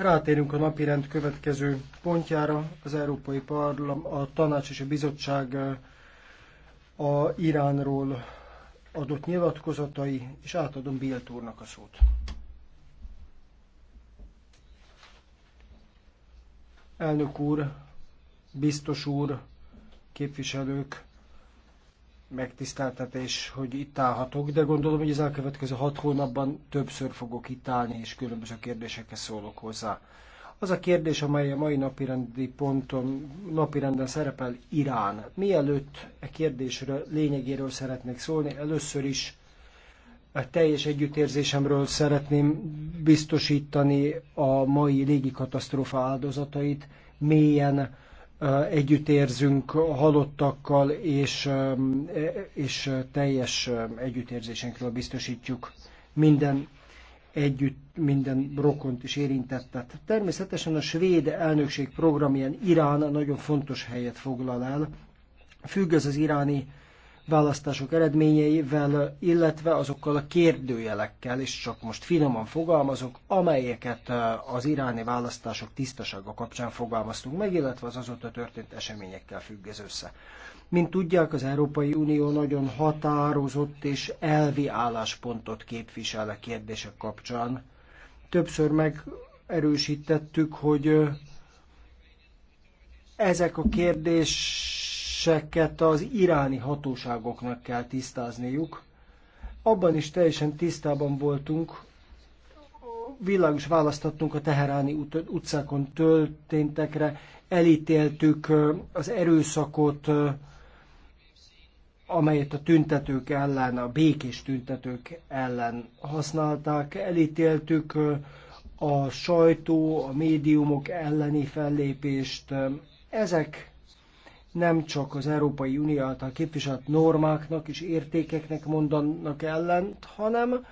Rátérünk a napirend következő pontjára, az Európai Parlam, a Tanács és a Bizottság eh, a Iránról adott nyilatkozatai, és átadom Bilt a szót. Elnök úr, biztos úr, képviselők, megtiszteltetés, hogy itt állhatok, de gondolom, hogy az elkövetkező hat hónapban többször fogok itt állni, és különböző kérdésekhez szólok hozzá. Az a kérdés, amely a mai napirendi ponton, napirenden szerepel, Irán. Mielőtt e kérdésről, lényegéről szeretnék szólni, először is a teljes együttérzésemről szeretném biztosítani a mai katasztrófa áldozatait, mélyen együtt érzünk a halottakkal, és, e, és teljes együttérzésünkről biztosítjuk minden együtt, minden rokont is érintettet. Természetesen a svéd elnökség ilyen Irán nagyon fontos helyet foglal el. Függ az iráni választások eredményeivel, illetve azokkal a kérdőjelekkel, és csak most finoman fogalmazok, amelyeket az iráni választások tisztasága kapcsán fogalmaztunk meg, illetve az azóta történt eseményekkel függ ez össze. Mint tudják, az Európai Unió nagyon határozott és elvi álláspontot képvisel a kérdések kapcsán. Többször megerősítettük, hogy ezek a kérdés kérdéseket az iráni hatóságoknak kell tisztázniuk. Abban is teljesen tisztában voltunk, világos választattunk a teheráni ut- utcákon történtekre, elítéltük az erőszakot, amelyet a tüntetők ellen, a békés tüntetők ellen használták, elítéltük a sajtó, a médiumok elleni fellépést. Ezek nem csak az Európai Unió által képviselt normáknak és értékeknek mondanak ellent, hanem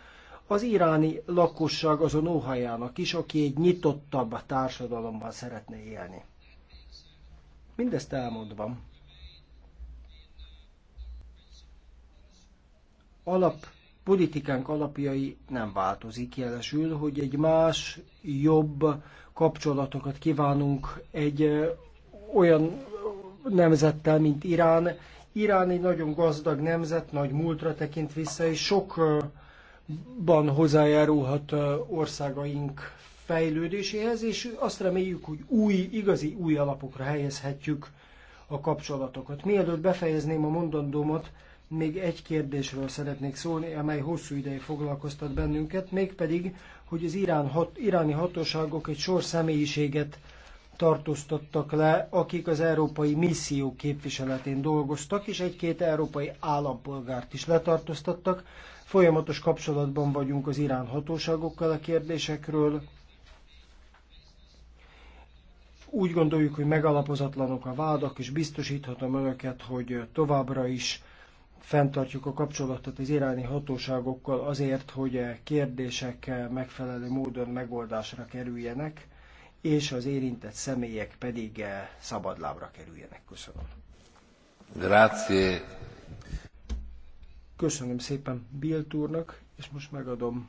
az iráni lakosság azon óhajának is, aki egy nyitottabb társadalomban szeretne élni. Mindezt elmondva, alap, politikánk alapjai nem változik, jelesül, hogy egy más, jobb kapcsolatokat kívánunk egy olyan nemzettel, mint Irán. Irán egy nagyon gazdag nemzet, nagy múltra tekint vissza, és sokban hozzájárulhat országaink fejlődéséhez, és azt reméljük, hogy új, igazi új alapokra helyezhetjük a kapcsolatokat. Mielőtt befejezném a mondandómat, még egy kérdésről szeretnék szólni, amely hosszú ideig foglalkoztat bennünket, mégpedig, hogy az irán hat, iráni hatóságok egy sor személyiséget tartóztattak le, akik az európai misszió képviseletén dolgoztak, és egy-két európai állampolgárt is letartóztattak. Folyamatos kapcsolatban vagyunk az irán hatóságokkal a kérdésekről. Úgy gondoljuk, hogy megalapozatlanok a vádak, és biztosíthatom önöket, hogy továbbra is fenntartjuk a kapcsolatot az iráni hatóságokkal azért, hogy a kérdések megfelelő módon megoldásra kerüljenek és az érintett személyek pedig eh, szabadlábra kerüljenek. Köszönöm. Grazie. Köszönöm szépen Bilt úrnak, és most megadom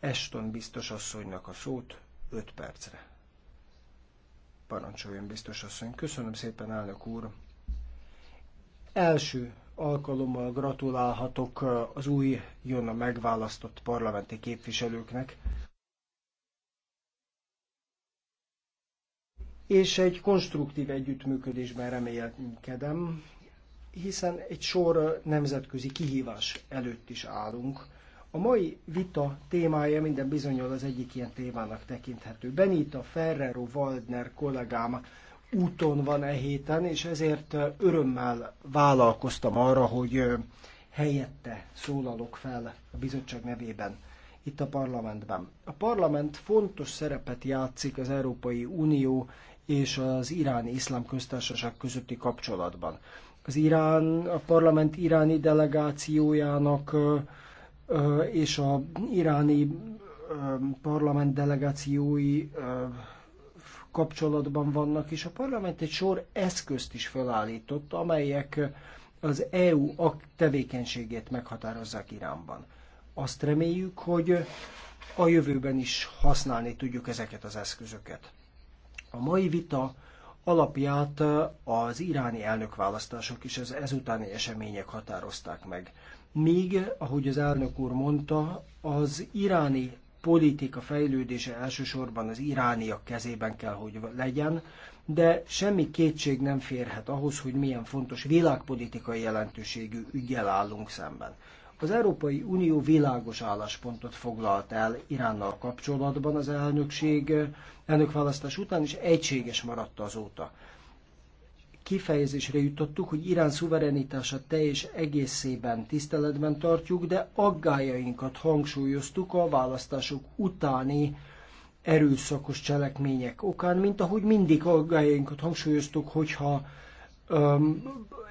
Eston biztos asszonynak a szót 5 percre. Parancsoljon biztos asszony. Köszönöm szépen, elnök úr. Első alkalommal gratulálhatok eh, az új a megválasztott parlamenti képviselőknek. és egy konstruktív együttműködésben remélkedem, hiszen egy sor nemzetközi kihívás előtt is állunk. A mai vita témája minden bizonyal az egyik ilyen témának tekinthető. Benita Ferrero Waldner kollégám úton van e héten, és ezért örömmel vállalkoztam arra, hogy helyette szólalok fel a bizottság nevében itt a parlamentben. A parlament fontos szerepet játszik az Európai Unió és az iráni iszlám köztársaság közötti kapcsolatban. Az Irán, a parlament iráni delegációjának és a iráni parlament delegációi kapcsolatban vannak, és a parlament egy sor eszközt is felállított, amelyek az EU tevékenységét meghatározzák Iránban. Azt reméljük, hogy a jövőben is használni tudjuk ezeket az eszközöket. A mai vita alapját az iráni elnökválasztások és az ezutáni események határozták meg. Míg, ahogy az elnök úr mondta, az iráni politika fejlődése elsősorban az irániak kezében kell, hogy legyen, de semmi kétség nem férhet ahhoz, hogy milyen fontos világpolitikai jelentőségű ügyel állunk szemben. Az Európai Unió világos álláspontot foglalt el Iránnal kapcsolatban az elnökség, elnökválasztás után, és egységes maradt azóta. Kifejezésre jutottuk, hogy Irán szuverenitása teljes egészében tiszteletben tartjuk, de aggájainkat hangsúlyoztuk a választások utáni erőszakos cselekmények okán, mint ahogy mindig aggájainkat hangsúlyoztuk, hogyha öm,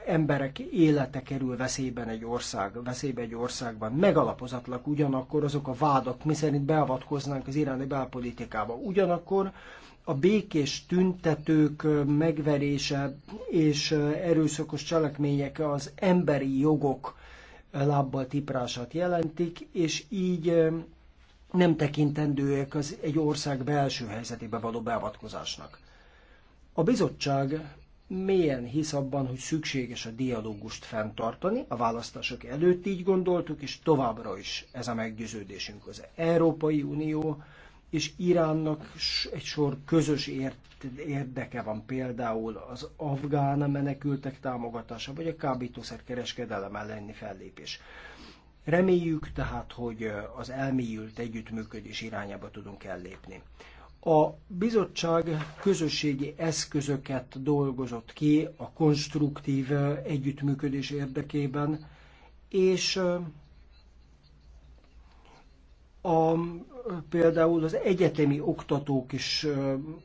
emberek élete kerül veszélyben egy ország, veszélybe egy országban. megalapozatlak ugyanakkor azok a vádak, miszerint beavatkoznánk az iráni belpolitikába. Ugyanakkor a békés tüntetők megverése és erőszakos cselekmények az emberi jogok lábbal tiprását jelentik, és így nem tekintendőek az egy ország belső helyzetébe való beavatkozásnak. A bizottság mélyen hisz abban, hogy szükséges a dialógust fenntartani, a választások előtt így gondoltuk, és továbbra is ez a meggyőződésünk az Európai Unió, és Iránnak egy sor közös érdeke van, például az afgán menekültek támogatása, vagy a kábítószer kereskedelem elleni fellépés. Reméljük tehát, hogy az elmélyült együttműködés irányába tudunk ellépni. A bizottság közösségi eszközöket dolgozott ki a konstruktív együttműködés érdekében, és a, például az egyetemi oktatók és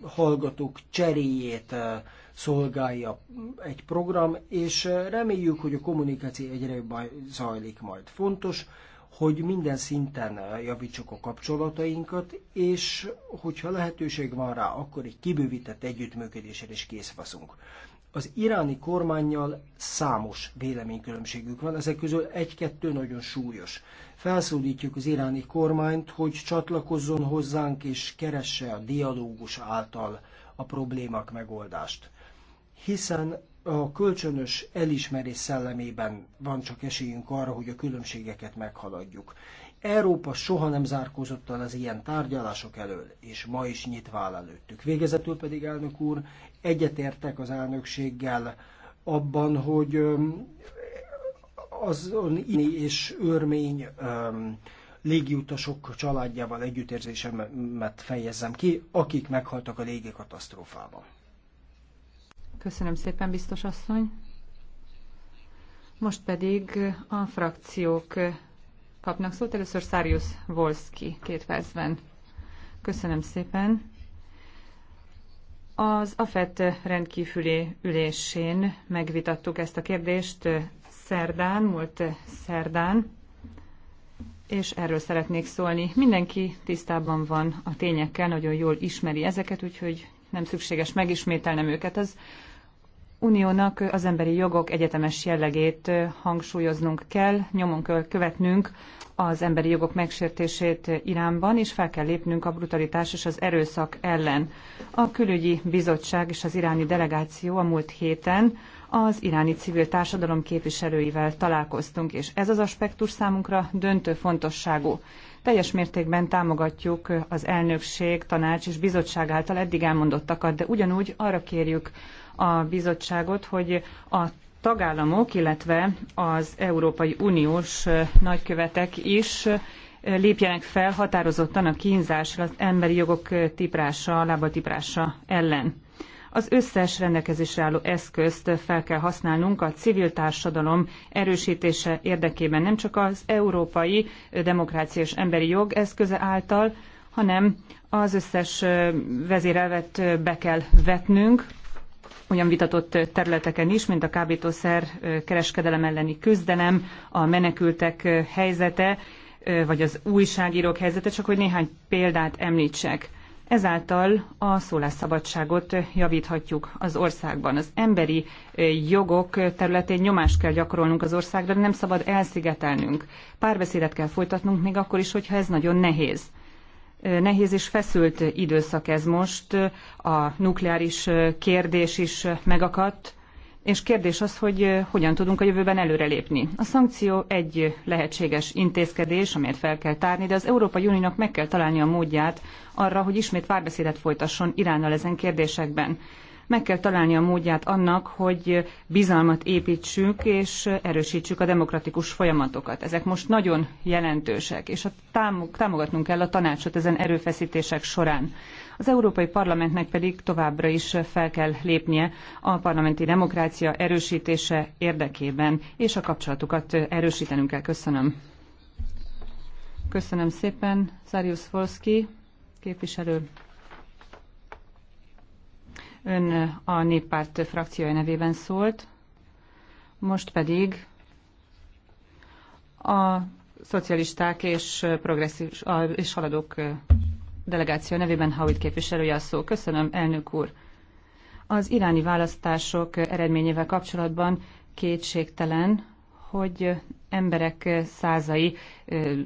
hallgatók cseréjét szolgálja egy program, és reméljük, hogy a kommunikáció egyre jobban zajlik majd. Fontos, hogy minden szinten javítsuk a kapcsolatainkat, és hogyha lehetőség van rá, akkor egy kibővített együttműködésre is kész vaszunk. Az iráni kormányjal számos véleménykülönbségük van, ezek közül egy-kettő nagyon súlyos. Felszólítjuk az iráni kormányt, hogy csatlakozzon hozzánk és keresse a dialógus által a problémák megoldást. Hiszen a kölcsönös elismerés szellemében van csak esélyünk arra, hogy a különbségeket meghaladjuk. Európa soha nem zárkózott el az ilyen tárgyalások elől, és ma is nyitva áll előttük. Végezetül pedig, elnök úr, egyetértek az elnökséggel abban, hogy az inni és örmény légiutasok családjával együttérzésemet fejezzem ki, akik meghaltak a légikatasztrófában. Köszönöm szépen, biztos asszony. Most pedig a frakciók kapnak szót. Először Szárius Volszki két percben. Köszönöm szépen. Az AFET rendkívüli ülésén megvitattuk ezt a kérdést szerdán, múlt szerdán, és erről szeretnék szólni. Mindenki tisztában van a tényekkel, nagyon jól ismeri ezeket, úgyhogy nem szükséges megismételnem őket. Az Uniónak az emberi jogok egyetemes jellegét hangsúlyoznunk kell, nyomon kell követnünk az emberi jogok megsértését Iránban, és fel kell lépnünk a brutalitás és az erőszak ellen. A külügyi bizottság és az iráni delegáció a múlt héten az iráni civil társadalom képviselőivel találkoztunk, és ez az aspektus számunkra döntő fontosságú. Teljes mértékben támogatjuk az elnökség, tanács és bizottság által eddig elmondottakat, de ugyanúgy arra kérjük a bizottságot, hogy a tagállamok, illetve az Európai Uniós nagykövetek is lépjenek fel határozottan a kínzás, az emberi jogok tiprása, lábatiprása ellen. Az összes rendelkezésre álló eszközt fel kell használnunk a civil társadalom erősítése érdekében, nem csak az európai demokrácia és emberi jog eszköze által, hanem az összes vezérelvet be kell vetnünk, olyan vitatott területeken is, mint a kábítószer kereskedelem elleni küzdelem, a menekültek helyzete, vagy az újságírók helyzete, csak hogy néhány példát említsek. Ezáltal a szólásszabadságot javíthatjuk az országban. Az emberi jogok területén nyomást kell gyakorolnunk az országra, de nem szabad elszigetelnünk. Párbeszédet kell folytatnunk, még akkor is, hogyha ez nagyon nehéz nehéz és feszült időszak ez most, a nukleáris kérdés is megakadt, és kérdés az, hogy hogyan tudunk a jövőben előrelépni. A szankció egy lehetséges intézkedés, amelyet fel kell tárni, de az Európai Uniónak meg kell találni a módját arra, hogy ismét párbeszédet folytasson Iránnal ezen kérdésekben. Meg kell találni a módját annak, hogy bizalmat építsünk és erősítsük a demokratikus folyamatokat. Ezek most nagyon jelentősek, és a támogatnunk kell a tanácsot ezen erőfeszítések során. Az Európai Parlamentnek pedig továbbra is fel kell lépnie a parlamenti demokrácia erősítése érdekében, és a kapcsolatukat erősítenünk kell. Köszönöm. Köszönöm szépen, Száriusz Volszki képviselő. Ön a néppárt frakciója nevében szólt, most pedig a szocialisták és, progresszív, és haladók delegáció nevében Howitt képviselője a szó. Köszönöm, elnök úr. Az iráni választások eredményével kapcsolatban kétségtelen, hogy emberek százai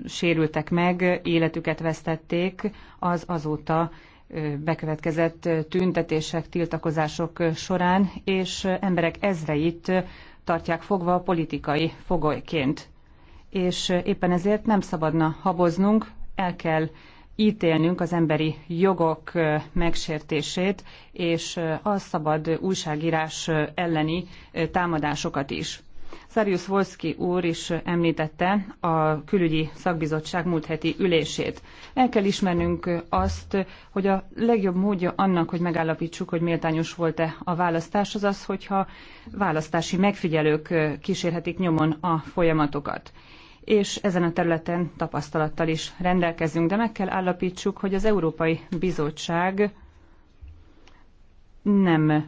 sérültek meg, életüket vesztették az azóta bekövetkezett tüntetések, tiltakozások során, és emberek ezreit tartják fogva politikai fogolyként. És éppen ezért nem szabadna haboznunk, el kell ítélnünk az emberi jogok megsértését, és a szabad újságírás elleni támadásokat is. Szarius Volszki úr is említette a külügyi szakbizottság múlt heti ülését. El kell ismernünk azt, hogy a legjobb módja annak, hogy megállapítsuk, hogy méltányos volt-e a választás, az az, hogyha választási megfigyelők kísérhetik nyomon a folyamatokat és ezen a területen tapasztalattal is rendelkezünk, de meg kell állapítsuk, hogy az Európai Bizottság nem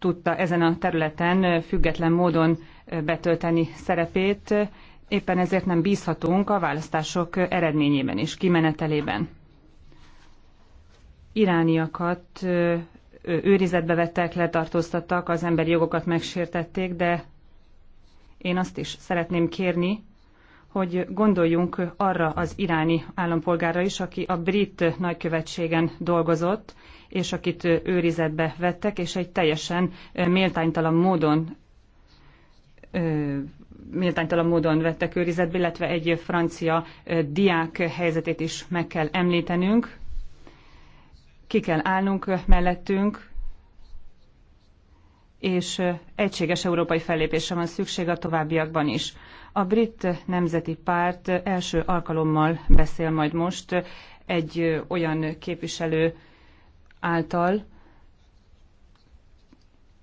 tudta ezen a területen független módon betölteni szerepét, éppen ezért nem bízhatunk a választások eredményében és kimenetelében. Irániakat őrizetbe vettek, letartóztattak, az emberi jogokat megsértették, de én azt is szeretném kérni, hogy gondoljunk arra az iráni állampolgára is, aki a brit nagykövetségen dolgozott, és akit őrizetbe vettek, és egy teljesen méltánytalan módon méltánytalan módon vettek őrizetbe, illetve egy francia diák helyzetét is meg kell említenünk. Ki kell állnunk mellettünk, és egységes európai fellépésre van szükség a továbbiakban is. A brit nemzeti párt első alkalommal beszél majd most egy olyan képviselő által,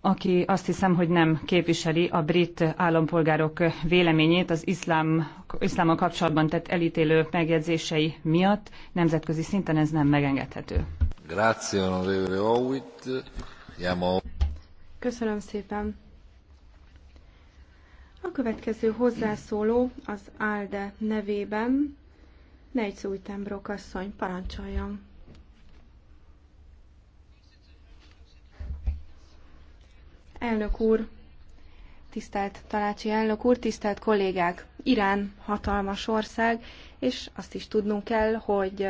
aki azt hiszem, hogy nem képviseli a brit állampolgárok véleményét az iszlám, iszlámmal kapcsolatban tett elítélő megjegyzései miatt. Nemzetközi szinten ez nem megengedhető. Köszönöm szépen. A következő hozzászóló az ALDE nevében Nejc Újtenbrok asszony parancsoljon. Elnök úr, tisztelt tanácsi elnök úr, tisztelt kollégák! Irán hatalmas ország, és azt is tudnunk kell, hogy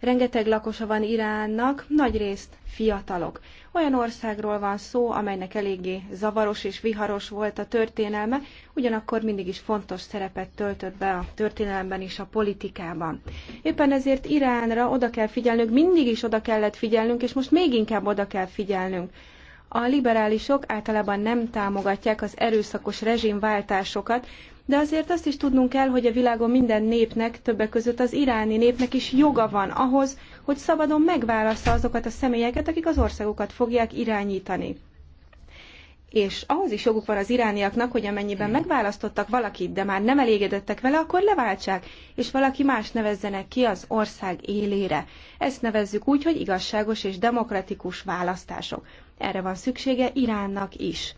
rengeteg lakosa van Iránnak, nagyrészt fiatalok. Olyan országról van szó, amelynek eléggé zavaros és viharos volt a történelme, ugyanakkor mindig is fontos szerepet töltött be a történelemben és a politikában. Éppen ezért Iránra oda kell figyelnünk, mindig is oda kellett figyelnünk, és most még inkább oda kell figyelnünk a liberálisok általában nem támogatják az erőszakos rezsimváltásokat, de azért azt is tudnunk kell, hogy a világon minden népnek, többek között az iráni népnek is joga van ahhoz, hogy szabadon megválassza azokat a személyeket, akik az országokat fogják irányítani. És ahhoz is joguk van az irániaknak, hogy amennyiben megválasztottak valakit, de már nem elégedettek vele, akkor leváltsák, és valaki más nevezzenek ki az ország élére. Ezt nevezzük úgy, hogy igazságos és demokratikus választások erre van szüksége Iránnak is.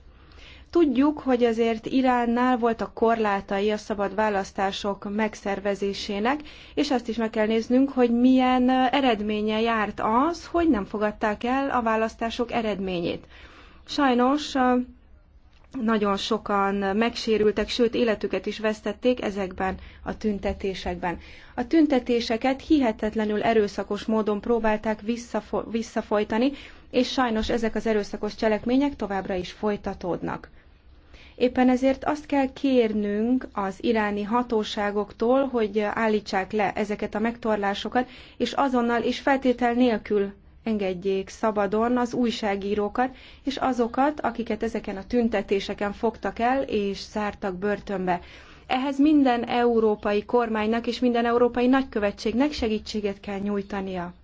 Tudjuk, hogy azért Iránnál voltak korlátai a szabad választások megszervezésének, és azt is meg kell néznünk, hogy milyen eredménye járt az, hogy nem fogadták el a választások eredményét. Sajnos nagyon sokan megsérültek, sőt életüket is vesztették ezekben a tüntetésekben. A tüntetéseket hihetetlenül erőszakos módon próbálták visszafo- visszafolytani, és sajnos ezek az erőszakos cselekmények továbbra is folytatódnak. Éppen ezért azt kell kérnünk az iráni hatóságoktól, hogy állítsák le ezeket a megtorlásokat, és azonnal és feltétel nélkül engedjék szabadon az újságírókat, és azokat, akiket ezeken a tüntetéseken fogtak el és zártak börtönbe. Ehhez minden európai kormánynak és minden európai nagykövetségnek segítséget kell nyújtania.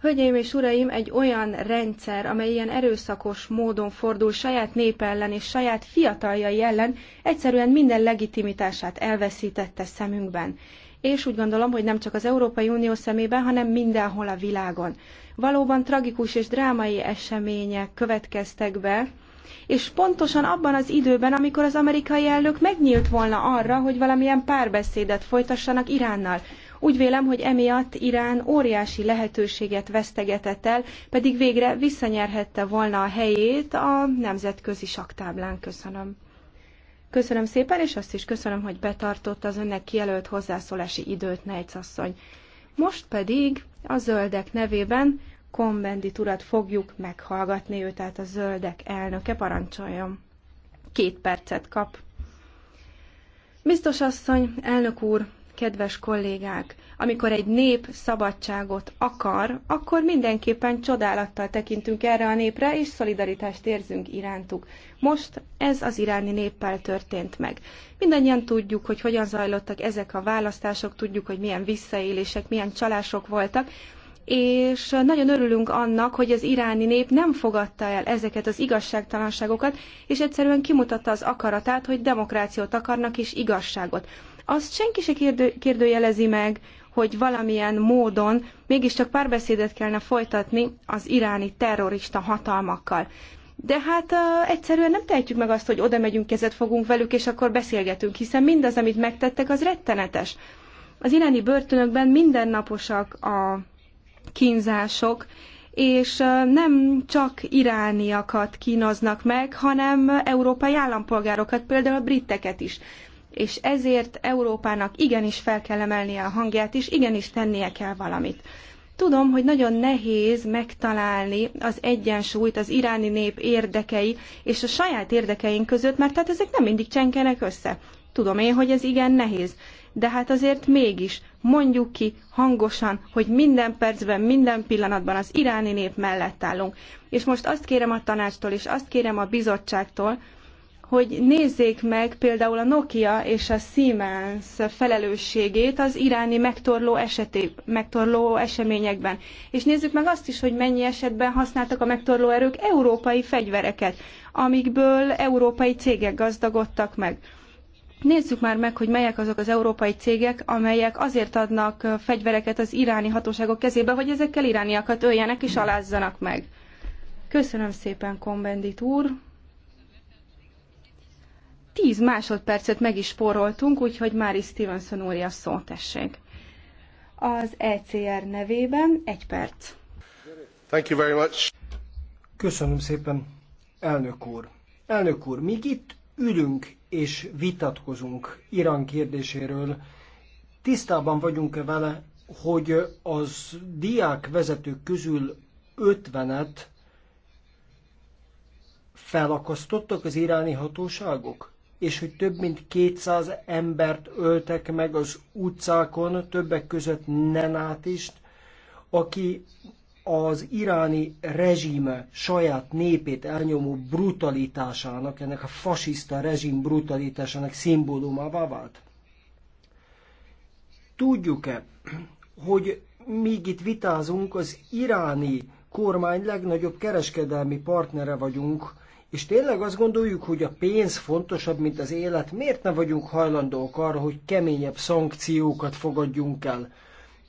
Hölgyeim és uraim, egy olyan rendszer, amely ilyen erőszakos módon fordul saját nép ellen és saját fiataljai ellen, egyszerűen minden legitimitását elveszítette szemünkben. És úgy gondolom, hogy nem csak az Európai Unió szemében, hanem mindenhol a világon. Valóban tragikus és drámai események következtek be, és pontosan abban az időben, amikor az amerikai elnök megnyílt volna arra, hogy valamilyen párbeszédet folytassanak Iránnal. Úgy vélem, hogy emiatt Irán óriási lehetőséget vesztegetett el, pedig végre visszanyerhette volna a helyét a nemzetközi saktáblán. Köszönöm. Köszönöm szépen, és azt is köszönöm, hogy betartotta az önnek kijelölt hozzászólási időt, Nejc asszony. Most pedig a zöldek nevében Kombendit urat fogjuk meghallgatni, ő tehát a zöldek elnöke, parancsoljon. Két percet kap. Biztos asszony, elnök úr, Kedves kollégák, amikor egy nép szabadságot akar, akkor mindenképpen csodálattal tekintünk erre a népre, és szolidaritást érzünk irántuk. Most ez az iráni néppel történt meg. Mindannyian tudjuk, hogy hogyan zajlottak ezek a választások, tudjuk, hogy milyen visszaélések, milyen csalások voltak, és nagyon örülünk annak, hogy az iráni nép nem fogadta el ezeket az igazságtalanságokat, és egyszerűen kimutatta az akaratát, hogy demokrációt akarnak és igazságot azt senki se kérdő, kérdőjelezi meg, hogy valamilyen módon mégiscsak párbeszédet kellene folytatni az iráni terrorista hatalmakkal. De hát uh, egyszerűen nem tehetjük meg azt, hogy oda megyünk, kezet fogunk velük, és akkor beszélgetünk, hiszen mindaz, amit megtettek, az rettenetes. Az iráni börtönökben mindennaposak a kínzások, és nem csak irániakat kínoznak meg, hanem európai állampolgárokat, például a britteket is és ezért Európának igenis fel kell emelnie a hangját, és igenis tennie kell valamit. Tudom, hogy nagyon nehéz megtalálni az egyensúlyt az iráni nép érdekei és a saját érdekeink között, mert tehát ezek nem mindig csenkenek össze. Tudom én, hogy ez igen nehéz. De hát azért mégis mondjuk ki hangosan, hogy minden percben, minden pillanatban az iráni nép mellett állunk. És most azt kérem a tanácstól, és azt kérem a bizottságtól, hogy nézzék meg például a Nokia és a Siemens felelősségét az iráni megtorló, eseté, megtorló eseményekben. És nézzük meg azt is, hogy mennyi esetben használtak a megtorló erők európai fegyvereket, amikből európai cégek gazdagodtak meg. Nézzük már meg, hogy melyek azok az európai cégek, amelyek azért adnak fegyvereket az iráni hatóságok kezébe, hogy ezekkel irániakat öljenek és alázzanak meg. Köszönöm szépen, Kombendit úr! 10 másodpercet meg is spóroltunk, úgyhogy Mári Stevenson úr a szó, tessék. Az ECR nevében egy perc. Thank you very much. Köszönöm szépen, elnök úr. Elnök úr, míg itt ülünk és vitatkozunk Irán kérdéséről, tisztában vagyunk-e vele, hogy az diák vezetők közül 50-et felakasztottak az iráni hatóságok? és hogy több mint 200 embert öltek meg az utcákon, többek között Nenátist, aki az iráni rezsime saját népét elnyomó brutalitásának, ennek a fasiszta rezsim brutalitásának szimbólumává vált? Tudjuk-e, hogy míg itt vitázunk, az iráni kormány legnagyobb kereskedelmi partnere vagyunk, és tényleg azt gondoljuk, hogy a pénz fontosabb, mint az élet, miért nem vagyunk hajlandók arra, hogy keményebb szankciókat fogadjunk el?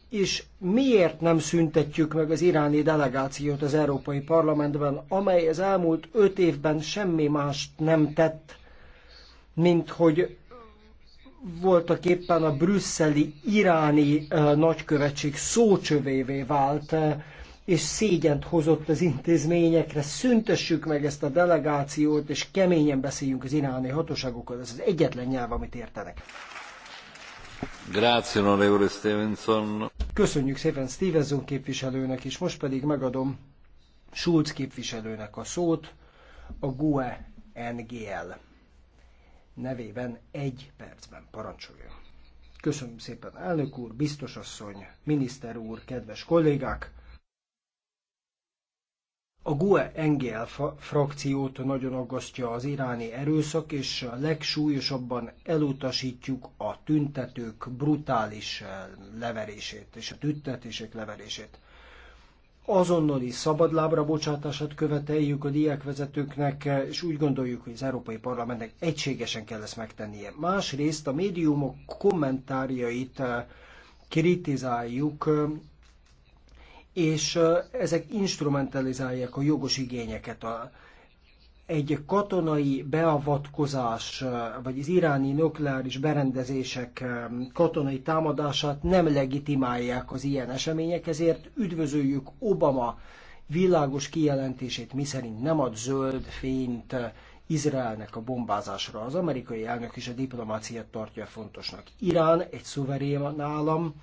És miért nem szüntetjük meg az iráni delegációt az Európai Parlamentben, amely az elmúlt öt évben semmi mást nem tett, mint hogy voltak éppen a brüsszeli iráni nagykövetség szócsövévé vált, és szégyent hozott az intézményekre. Szüntessük meg ezt a delegációt, és keményen beszéljünk az iráni hatóságokkal. Ez az egyetlen nyelv, amit értenek. Grazie, onorevole Stevenson. Köszönjük szépen Stevenson képviselőnek, és most pedig megadom Schulz képviselőnek a szót, a GUE NGL nevében egy percben parancsoljon. Köszönöm szépen, elnök úr, biztos asszony, miniszter úr, kedves kollégák! A GUE NGL frakciót nagyon aggasztja az iráni erőszak, és a legsúlyosabban elutasítjuk a tüntetők brutális eh, leverését és a tüntetések leverését. Azonnali szabadlábra bocsátását követeljük a diákvezetőknek, eh, és úgy gondoljuk, hogy az Európai Parlamentnek egységesen kell ezt megtennie. Másrészt a médiumok kommentárjait eh, kritizáljuk, és ezek instrumentalizálják a jogos igényeket. A, egy katonai beavatkozás, vagy az iráni nukleáris berendezések katonai támadását nem legitimálják az ilyen események, ezért üdvözöljük Obama világos kijelentését, miszerint nem ad zöld fényt Izraelnek a bombázásra. Az amerikai elnök is a diplomáciát tartja fontosnak. Irán egy szuverén állam,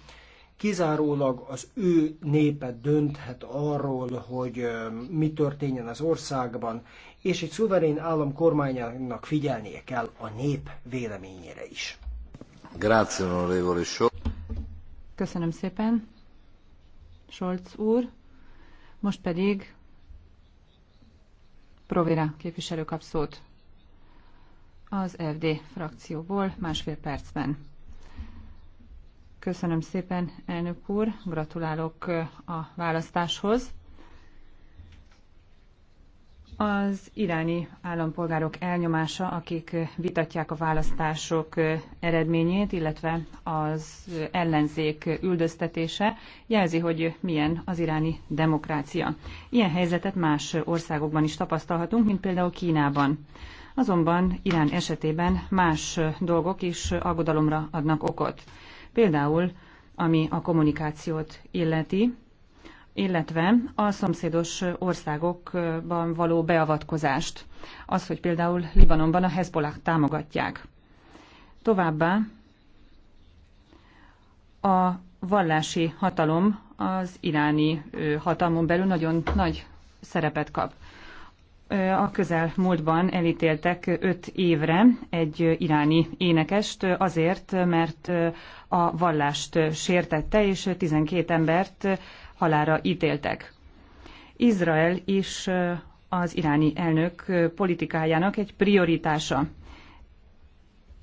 kizárólag az ő népe dönthet arról, hogy mi történjen az országban, és egy szuverén állam kormányának figyelnie kell a nép véleményére is. Köszönöm szépen, Scholz úr. Most pedig Provira képviselő kap szót az FD frakcióból másfél percben. Köszönöm szépen, elnök úr. Gratulálok uh, a választáshoz. Az iráni állampolgárok elnyomása, akik uh, vitatják a választások uh, eredményét, illetve az ellenzék üldöztetése, jelzi, hogy milyen az iráni demokrácia. Ilyen helyzetet más országokban is tapasztalhatunk, mint például Kínában. Azonban Irán esetében más dolgok is aggodalomra adnak okot például ami a kommunikációt illeti, illetve a szomszédos országokban való beavatkozást. Az, hogy például Libanonban a Hezbollah támogatják. Továbbá a vallási hatalom az iráni hatalmon belül nagyon nagy szerepet kap a közel múltban elítéltek öt évre egy iráni énekest azért, mert a vallást sértette, és 12 embert halára ítéltek. Izrael is az iráni elnök politikájának egy prioritása.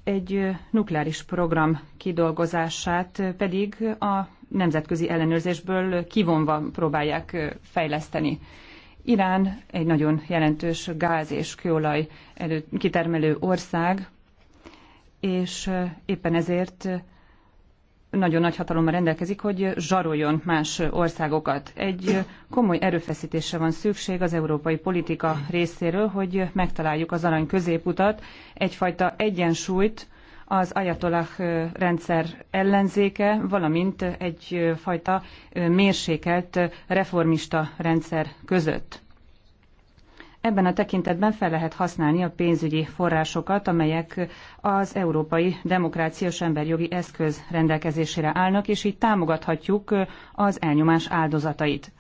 Egy nukleáris program kidolgozását pedig a nemzetközi ellenőrzésből kivonva próbálják fejleszteni. Irán egy nagyon jelentős gáz és kőolaj elő, kitermelő ország, és éppen ezért nagyon nagy hatalommal rendelkezik, hogy zsaroljon más országokat. Egy komoly erőfeszítésre van szükség az európai politika részéről, hogy megtaláljuk az arany középutat, egyfajta egyensúlyt, az ajatolah rendszer ellenzéke, valamint egyfajta mérsékelt reformista rendszer között. Ebben a tekintetben fel lehet használni a pénzügyi forrásokat, amelyek az európai demokráciás emberjogi eszköz rendelkezésére állnak, és így támogathatjuk az elnyomás áldozatait.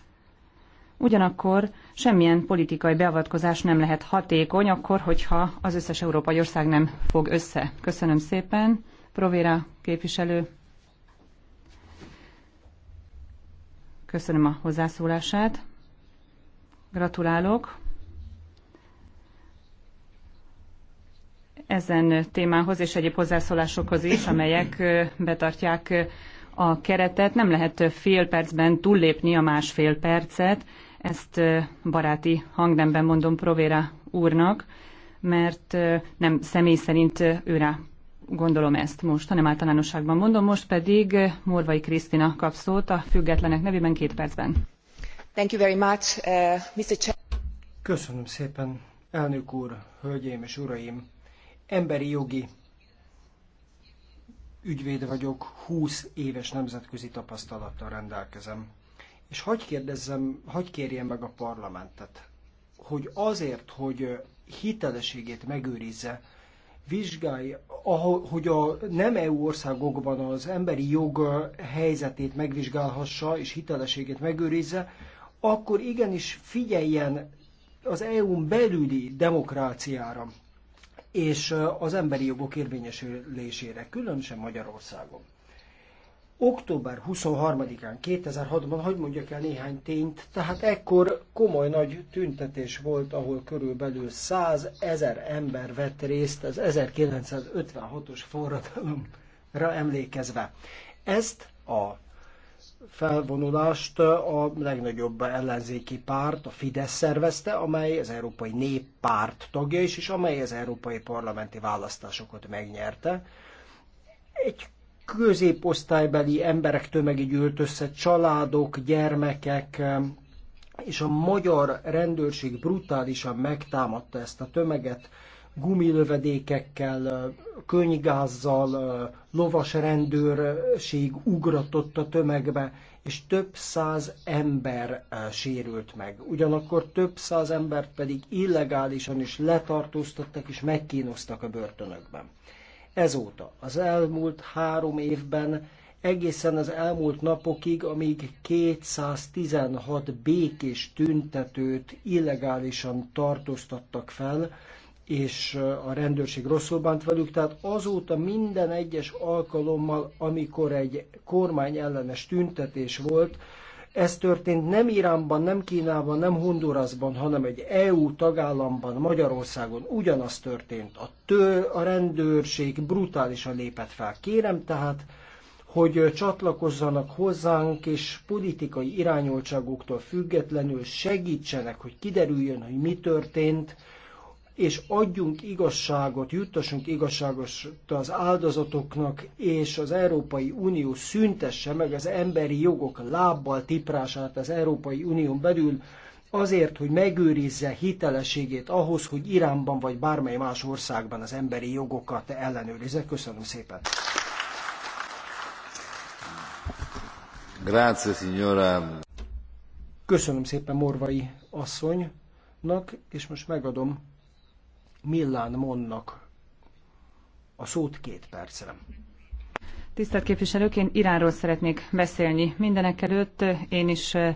Ugyanakkor semmilyen politikai beavatkozás nem lehet hatékony, akkor, hogyha az összes európai ország nem fog össze. Köszönöm szépen. Provéra képviselő. Köszönöm a hozzászólását. Gratulálok. Ezen témához és egyéb hozzászólásokhoz is, amelyek betartják a keretet. Nem lehet fél percben túllépni a másfél percet ezt baráti hangnemben mondom Provéra úrnak, mert nem személy szerint őre gondolom ezt most, hanem általánosságban mondom. Most pedig Morvai Krisztina kap szót a függetlenek nevében két percben. Thank you very much, uh, Mr. Ch Köszönöm szépen, elnök úr, hölgyeim és uraim. Emberi jogi ügyvéd vagyok, 20 éves nemzetközi tapasztalattal rendelkezem. És hagyj kérdezzem, hagy kérjem meg a parlamentet, hogy azért, hogy hitelességét megőrizze, vizsgálj, hogy a nem EU országokban az emberi jog helyzetét megvizsgálhassa és hitelességét megőrizze, akkor igenis figyeljen az EU-n belüli demokráciára és az emberi jogok érvényesülésére, különösen Magyarországon. Október 23-án 2006-ban, hogy mondjak el néhány tényt, tehát ekkor komoly nagy tüntetés volt, ahol körülbelül 100 ezer ember vett részt az 1956-os forradalomra emlékezve. Ezt a felvonulást a legnagyobb ellenzéki párt, a Fidesz szervezte, amely az Európai Néppárt tagja is, és amely az európai parlamenti választásokat megnyerte. Egy középosztálybeli emberek tömegi gyűlt össze, családok, gyermekek, és a magyar rendőrség brutálisan megtámadta ezt a tömeget, gumilövedékekkel, könygázzal, lovas rendőrség ugratott a tömegbe, és több száz ember sérült meg. Ugyanakkor több száz embert pedig illegálisan is letartóztattak és megkínoztak a börtönökben. Ezóta az elmúlt három évben egészen az elmúlt napokig, amíg 216 békés tüntetőt illegálisan tartóztattak fel, és a rendőrség rosszul bánt velük, tehát azóta minden egyes alkalommal, amikor egy kormány ellenes tüntetés volt, ez történt nem Iránban, nem Kínában, nem Hondurasban, hanem egy EU tagállamban, Magyarországon ugyanaz történt. A, tő, a rendőrség brutálisan lépett fel. Kérem tehát, hogy csatlakozzanak hozzánk, és politikai irányoltságoktól függetlenül segítsenek, hogy kiderüljön, hogy mi történt, és adjunk igazságot, juttassunk igazságos az áldozatoknak, és az Európai Unió szüntesse meg az emberi jogok lábbal tiprását az Európai Unión belül, azért, hogy megőrizze hitelességét ahhoz, hogy Iránban vagy bármely más országban az emberi jogokat ellenőrizze. Köszönöm szépen! Grazie, signora. Köszönöm szépen Morvai asszonynak, és most megadom Millán Monnak a szót két percre. Tisztelt képviselők, én Iránról szeretnék beszélni. Mindenek előtt én is eh,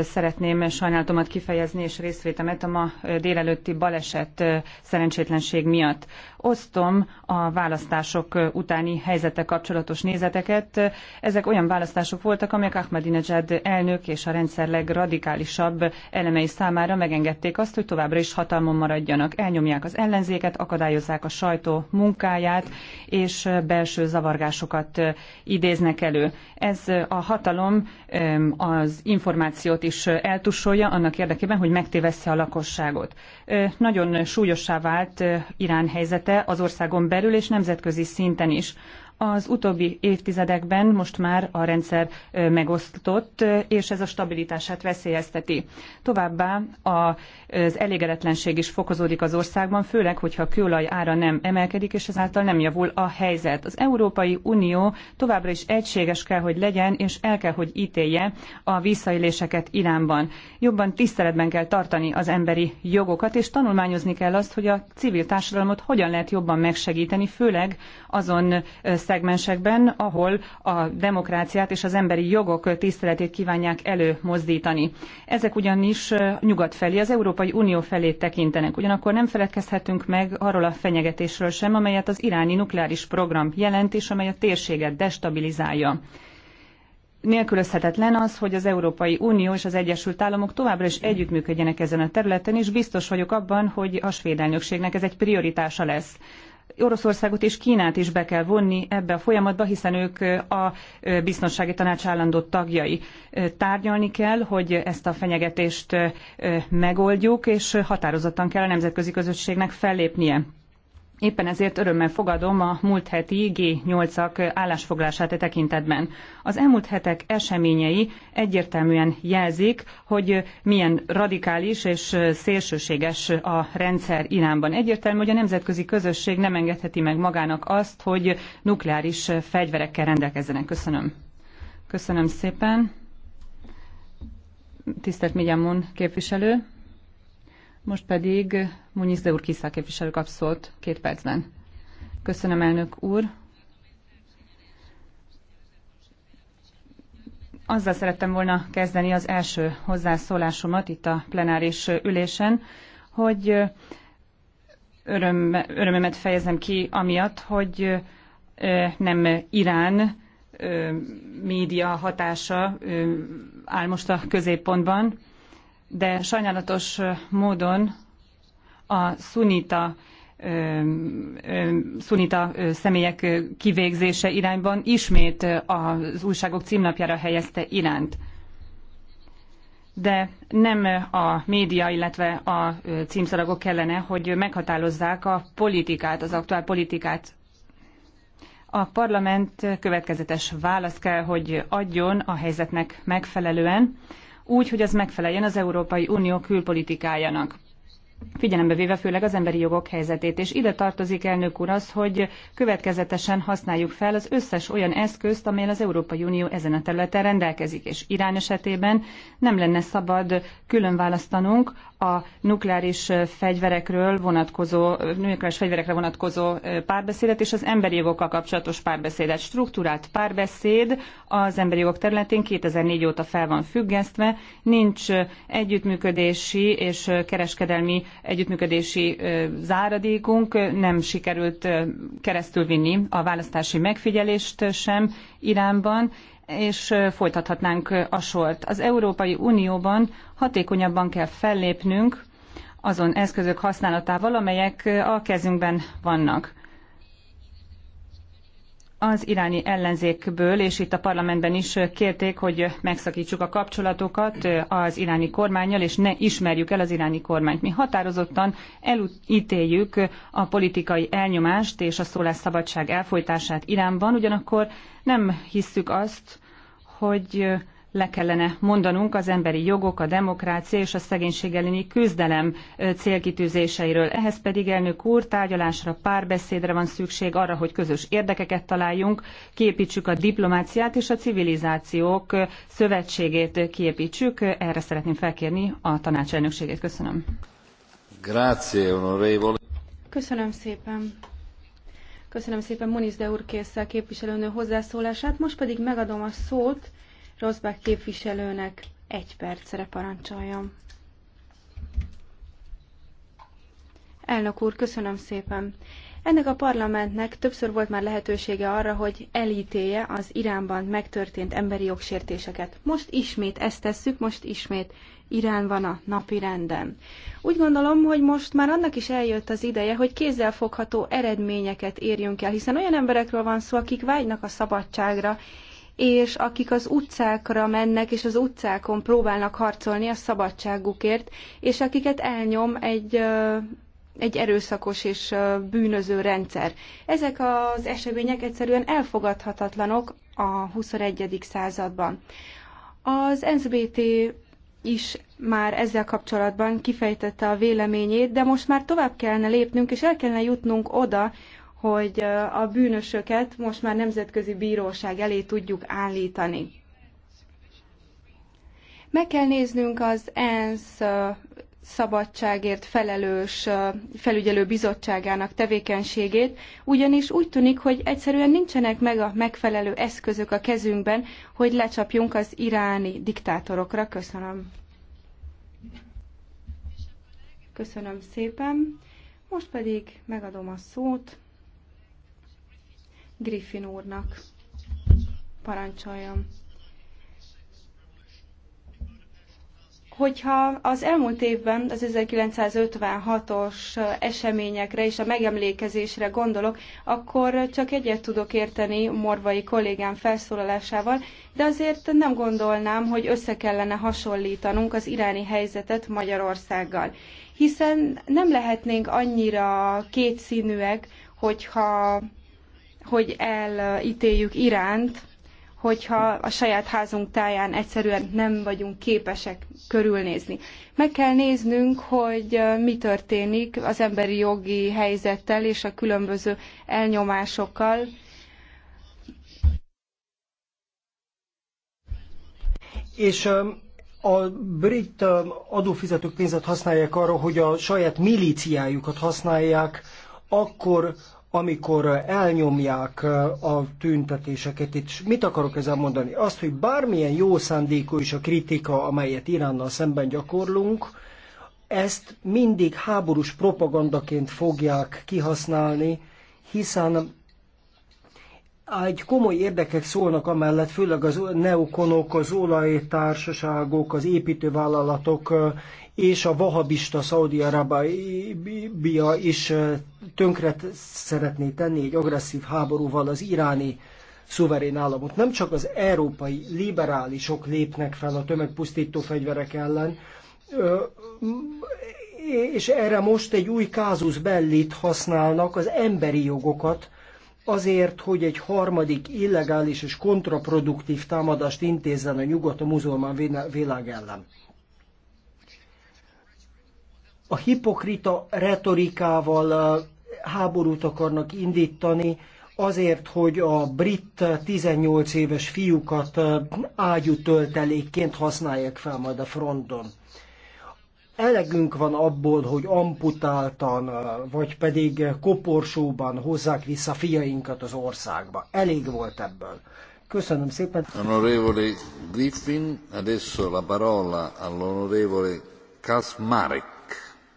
szeretném sajnálatomat kifejezni és részvétemet a ma délelőtti baleset szerencsétlenség miatt. Osztom a választások utáni helyzete kapcsolatos nézeteket. Ezek olyan választások voltak, amelyek Ahmadinejad elnök és a rendszer legradikálisabb elemei számára megengedték azt, hogy továbbra is hatalmon maradjanak. Elnyomják az ellenzéket, akadályozzák a sajtó munkáját, és belső zavargásokat idéznek elő. Ez a hatalom az információ információt is eltussolja annak érdekében, hogy megtévessze a lakosságot. Nagyon súlyossá vált Irán helyzete az országon belül és nemzetközi szinten is. Az utóbbi évtizedekben most már a rendszer megosztott, és ez a stabilitását veszélyezteti. Továbbá az elégedetlenség is fokozódik az országban, főleg, hogyha a kőolaj ára nem emelkedik, és ezáltal nem javul a helyzet. Az Európai Unió továbbra is egységes kell, hogy legyen, és el kell, hogy ítélje a visszaéléseket Iránban. Jobban tiszteletben kell tartani az emberi jogokat, és tanulmányozni kell azt, hogy a civil társadalmat hogyan lehet jobban megsegíteni, főleg azon szegmensekben, ahol a demokráciát és az emberi jogok tiszteletét kívánják előmozdítani. Ezek ugyanis nyugat felé, az Európai Unió felé tekintenek. Ugyanakkor nem feledkezhetünk meg arról a fenyegetésről sem, amelyet az iráni nukleáris program jelent, és amely a térséget destabilizálja. Nélkülözhetetlen az, hogy az Európai Unió és az Egyesült Államok továbbra is együttműködjenek ezen a területen, és biztos vagyok abban, hogy a svéd elnökségnek ez egy prioritása lesz. Oroszországot és Kínát is be kell vonni ebbe a folyamatba, hiszen ők a biztonsági tanács állandó tagjai. Tárgyalni kell, hogy ezt a fenyegetést megoldjuk, és határozottan kell a nemzetközi közösségnek fellépnie. Éppen ezért örömmel fogadom a múlt heti G8-ak állásfoglását a e tekintetben. Az elmúlt hetek eseményei egyértelműen jelzik, hogy milyen radikális és szélsőséges a rendszer Iránban. Egyértelmű, hogy a nemzetközi közösség nem engedheti meg magának azt, hogy nukleáris fegyverekkel rendelkezzenek. Köszönöm. Köszönöm szépen. Tisztelt Migyamon képviselő. Most pedig Munyisz de úr Kiszá képviselő kap szót két percben. Köszönöm, elnök úr. Azzal szerettem volna kezdeni az első hozzászólásomat itt a plenáris ülésen, hogy öröm, örömömet fejezem ki amiatt, hogy nem Irán média hatása áll most a középpontban, de sajnálatos módon a szunita szunita személyek kivégzése irányban ismét az újságok címlapjára helyezte iránt. De nem a média, illetve a címszalagok kellene, hogy meghatározzák a politikát, az aktuál politikát. A parlament következetes választ kell, hogy adjon a helyzetnek megfelelően, úgy, hogy az megfeleljen az Európai Unió külpolitikájának figyelembe véve főleg az emberi jogok helyzetét, és ide tartozik elnök úr az, hogy következetesen használjuk fel az összes olyan eszközt, amelyel az Európai Unió ezen a területen rendelkezik, és Irán esetében nem lenne szabad különválasztanunk a nukleáris fegyverekről vonatkozó, nukleáris fegyverekre vonatkozó párbeszédet és az emberi jogokkal kapcsolatos párbeszédet. Struktúrált párbeszéd az emberi jogok területén 2004 óta fel van függesztve, nincs együttműködési és kereskedelmi együttműködési záradékunk, nem sikerült keresztülvinni a választási megfigyelést sem Iránban, és folytathatnánk a sort. Az Európai Unióban hatékonyabban kell fellépnünk azon eszközök használatával, amelyek a kezünkben vannak az iráni ellenzékből, és itt a parlamentben is kérték, hogy megszakítsuk a kapcsolatokat az iráni kormányjal, és ne ismerjük el az iráni kormányt. Mi határozottan elítéljük a politikai elnyomást és a szólásszabadság elfolytását Iránban, ugyanakkor nem hisszük azt, hogy le kellene mondanunk az emberi jogok, a demokrácia és a szegénység elleni küzdelem célkitűzéseiről. Ehhez pedig elnök úr tárgyalásra, párbeszédre van szükség arra, hogy közös érdekeket találjunk, kiépítsük a diplomáciát és a civilizációk szövetségét kiépítsük. Erre szeretném felkérni a tanács elnökségét. Köszönöm. Grazie, onorevole. Köszönöm szépen. Köszönöm szépen Moniz de úr készsel képviselőnő hozzászólását, most pedig megadom a szót Rosbach képviselőnek egy percre parancsoljon. Elnök úr, köszönöm szépen. Ennek a parlamentnek többször volt már lehetősége arra, hogy elítélje az Iránban megtörtént emberi jogsértéseket. Most ismét ezt tesszük, most ismét Irán van a napi renden. Úgy gondolom, hogy most már annak is eljött az ideje, hogy kézzelfogható eredményeket érjünk el, hiszen olyan emberekről van szó, akik vágynak a szabadságra, és akik az utcákra mennek, és az utcákon próbálnak harcolni a szabadságukért, és akiket elnyom egy egy erőszakos és bűnöző rendszer. Ezek az események egyszerűen elfogadhatatlanok a 21. században. Az NSBT is már ezzel kapcsolatban kifejtette a véleményét, de most már tovább kellene lépnünk, és el kellene jutnunk oda, hogy a bűnösöket most már nemzetközi bíróság elé tudjuk állítani. Meg kell néznünk az ENSZ szabadságért felelős felügyelő bizottságának tevékenységét, ugyanis úgy tűnik, hogy egyszerűen nincsenek meg a megfelelő eszközök a kezünkben, hogy lecsapjunk az iráni diktátorokra. Köszönöm. Köszönöm szépen. Most pedig megadom a szót Griffin úrnak. Parancsoljon! hogyha az elmúlt évben az 1956-os eseményekre és a megemlékezésre gondolok, akkor csak egyet tudok érteni morvai kollégám felszólalásával, de azért nem gondolnám, hogy össze kellene hasonlítanunk az iráni helyzetet Magyarországgal. Hiszen nem lehetnénk annyira kétszínűek, hogyha hogy elítéljük Iránt, hogyha a saját házunk táján egyszerűen nem vagyunk képesek körülnézni. Meg kell néznünk, hogy mi történik az emberi jogi helyzettel és a különböző elnyomásokkal. És a brit adófizetők pénzet használják arra, hogy a saját milíciájukat használják, akkor amikor elnyomják uh, a tüntetéseket. Itt mit akarok ezzel mondani? Azt, hogy bármilyen jó szándékú is a kritika, amelyet Iránnal szemben gyakorlunk, ezt mindig háborús propagandaként fogják kihasználni, hiszen egy komoly érdekek szólnak amellett, főleg az neokonok, az olajtársaságok, az építővállalatok és a vahabista szaudi Arabia is tönkret szeretné tenni egy agresszív háborúval az iráni szuverén államot. Nem csak az európai liberálisok lépnek fel a tömegpusztító fegyverek ellen, és erre most egy új kázus bellit használnak, az emberi jogokat, azért, hogy egy harmadik illegális és kontraproduktív támadást intézzen a nyugat a muzulmán világ ellen. A hipokrita retorikával eh, háborút akarnak indítani, azért, hogy a brit 18 éves fiúkat eh, ágyú töltelékként használják fel majd a fronton elegünk van abból, hogy amputáltan, vagy pedig koporsóban hozzák vissza fiainkat az országba. Elég volt ebből. Köszönöm szépen. Onorevole Griffin, adesso la parola all'onorevole Kaczmarek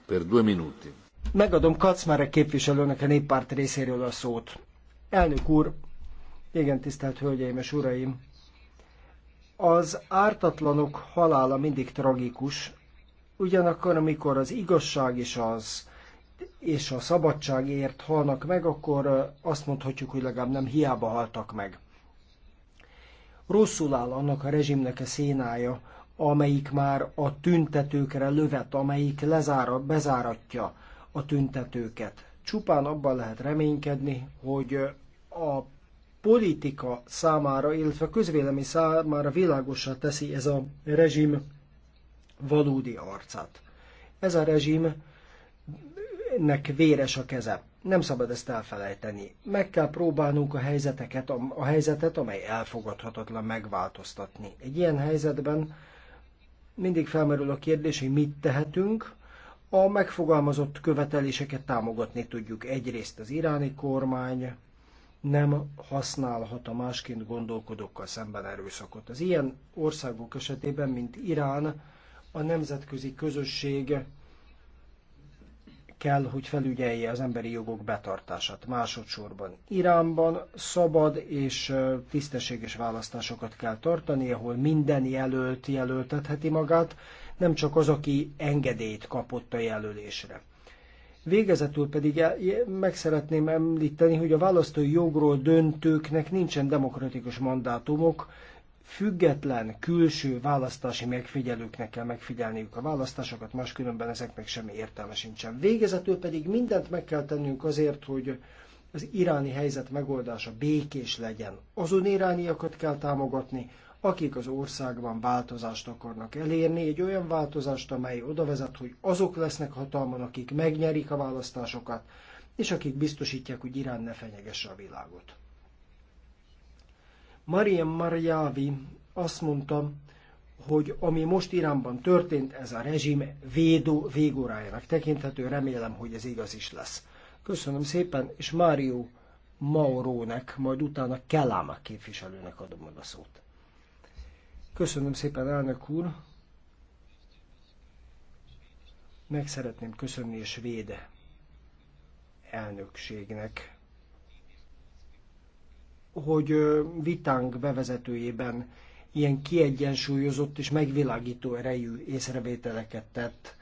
per due minuti. Megadom Kaczmarek képviselőnek a néppárt részéről a szót. Elnök úr, igen tisztelt hölgyeim és uraim, az ártatlanok halála mindig tragikus, Ugyanakkor, amikor az igazság és az és a szabadságért halnak meg, akkor azt mondhatjuk, hogy legalább nem hiába haltak meg. Rosszul áll annak a rezsimnek a szénája, amelyik már a tüntetőkre lövet, amelyik lezára, bezáratja a tüntetőket. Csupán abban lehet reménykedni, hogy a politika számára, illetve a közvélemény számára világosá teszi ez a rezsim valódi arcát. Ez a rezsimnek véres a keze. Nem szabad ezt elfelejteni. Meg kell próbálnunk a, helyzeteket, a helyzetet, amely elfogadhatatlan megváltoztatni. Egy ilyen helyzetben mindig felmerül a kérdés, hogy mit tehetünk, a megfogalmazott követeléseket támogatni tudjuk. Egyrészt az iráni kormány nem használhat a másként gondolkodókkal szemben erőszakot. Az ilyen országok esetében, mint Irán, a nemzetközi közösség kell, hogy felügyelje az emberi jogok betartását. Másodszorban Iránban szabad és tisztességes választásokat kell tartani, ahol minden jelölt jelöltetheti magát, nem csak az, aki engedélyt kapott a jelölésre. Végezetül pedig e, meg szeretném említeni, hogy a választói jogról döntőknek nincsen demokratikus mandátumok, független külső választási megfigyelőknek kell megfigyelniük a választásokat, máskülönben ezeknek semmi értelme sincsen. Végezetül pedig mindent meg kell tennünk azért, hogy az iráni helyzet megoldása békés legyen. Azon irániakat kell támogatni, akik az országban változást akarnak elérni, egy olyan változást, amely oda vezet, hogy azok lesznek hatalmon, akik megnyerik a választásokat, és akik biztosítják, hogy Irán ne fenyegesse a világot. Mariam Marjavi azt mondta, hogy ami most Iránban történt, ez a rezsim védő végórájának tekinthető, remélem, hogy ez igaz is lesz. Köszönöm szépen, és Mário Maurónek, majd utána Kelama képviselőnek adom oda szót. Köszönöm szépen, elnök úr! Meg szeretném köszönni a svéd elnökségnek hogy vitánk bevezetőjében ilyen kiegyensúlyozott és megvilágító erejű észrevételeket tett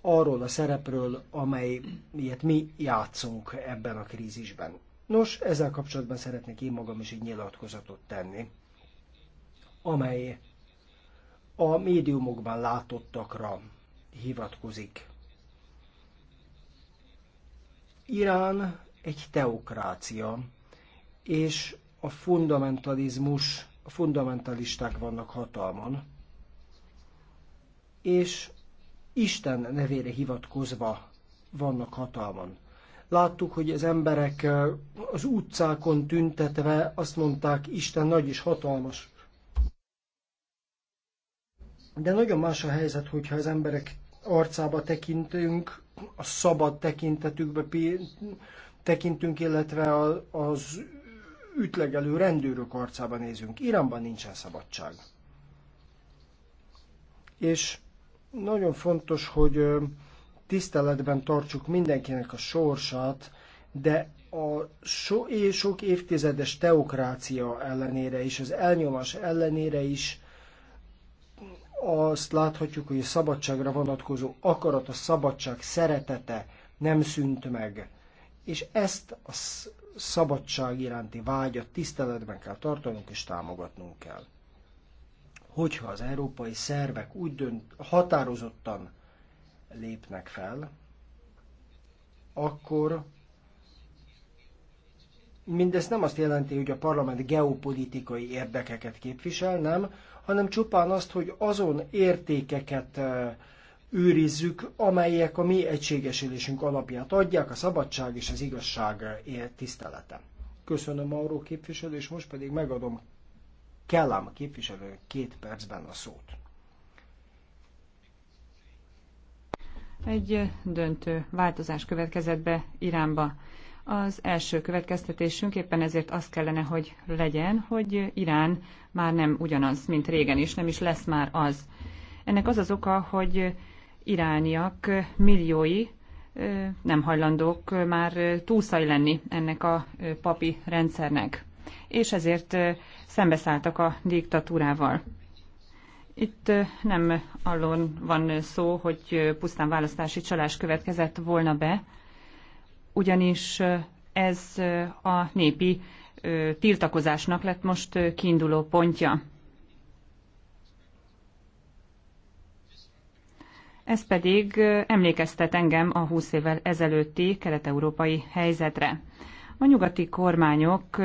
arról a szerepről, amelyet mi játszunk ebben a krízisben. Nos, ezzel kapcsolatban szeretnék én magam is egy nyilatkozatot tenni, amely a médiumokban látottakra hivatkozik. Irán egy teokrácia, és a fundamentalizmus, a fundamentalisták vannak hatalmon, és Isten nevére hivatkozva vannak hatalmon. Láttuk, hogy az emberek az utcákon tüntetve azt mondták, Isten nagy és hatalmas. De nagyon más a helyzet, hogyha az emberek arcába tekintünk, a szabad tekintetükbe tekintünk, illetve az ütlegelő rendőrök arcába nézünk. Iránban nincsen szabadság. És nagyon fontos, hogy tiszteletben tartsuk mindenkinek a sorsát, de a so- és sok évtizedes teokrácia ellenére is, az elnyomás ellenére is azt láthatjuk, hogy a szabadságra vonatkozó akarat, a szabadság szeretete nem szűnt meg. És ezt a szabadság iránti vágyat tiszteletben kell tartanunk és támogatnunk kell. Hogyha az európai szervek úgy dönt, határozottan lépnek fel, akkor mindez nem azt jelenti, hogy a parlament geopolitikai érdekeket képvisel, nem, hanem csupán azt, hogy azon értékeket eh, őrizzük, amelyek a mi egységesülésünk alapját adják, a szabadság és az igazság tisztelete. Köszönöm, Mauro képviselő, és most pedig megadom Kellám a képviselő két percben a szót. Egy döntő változás következett be Iránba. Az első következtetésünk éppen ezért az kellene, hogy legyen, hogy Irán már nem ugyanaz, mint régen, és nem is lesz már az. Ennek az az oka, hogy irániak milliói nem hajlandók már túszai lenni ennek a papi rendszernek, és ezért szembeszálltak a diktatúrával. Itt nem allon van szó, hogy pusztán választási csalás következett volna be, ugyanis ez a népi tiltakozásnak lett most kiinduló pontja. Ez pedig emlékeztet engem a 20 évvel ezelőtti kelet-európai helyzetre. A nyugati kormányok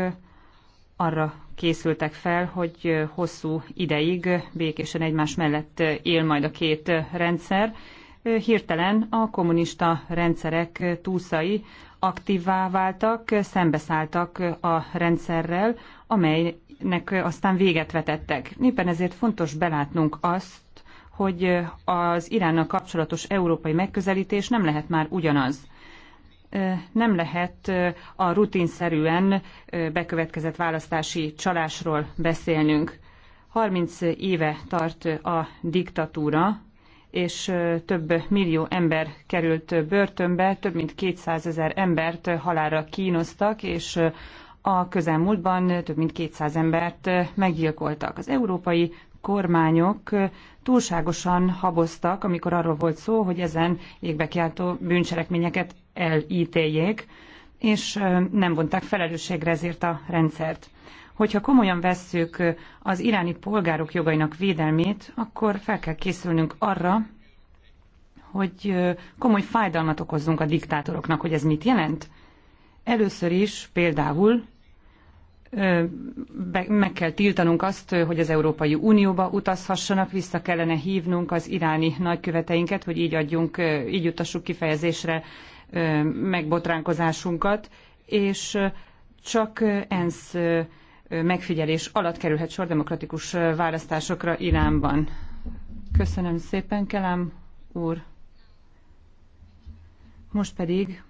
arra készültek fel, hogy hosszú ideig békésen egymás mellett él majd a két rendszer. Hirtelen a kommunista rendszerek túszai aktívvá váltak, szembeszálltak a rendszerrel, amelynek aztán véget vetettek. Éppen ezért fontos belátnunk azt, hogy az Iránnal kapcsolatos európai megközelítés nem lehet már ugyanaz nem lehet a rutinszerűen bekövetkezett választási csalásról beszélnünk. 30 éve tart a diktatúra, és több millió ember került börtönbe, több mint 200 ezer embert halára kínoztak, és a közelmúltban több mint 200 embert meggyilkoltak. Az Európai kormányok túlságosan haboztak, amikor arról volt szó, hogy ezen kiáltó bűncselekményeket elítéljék, és nem vonták felelősségre ezért a rendszert. Hogyha komolyan vesszük az iráni polgárok jogainak védelmét, akkor fel kell készülnünk arra, hogy komoly fájdalmat okozzunk a diktátoroknak, hogy ez mit jelent. Először is például meg kell tiltanunk azt, hogy az Európai Unióba utazhassanak, vissza kellene hívnunk az iráni nagyköveteinket, hogy így adjunk, így juttassuk kifejezésre megbotránkozásunkat, és csak ENSZ megfigyelés alatt kerülhet sor demokratikus választásokra Iránban. Köszönöm szépen, Kelem úr. Most pedig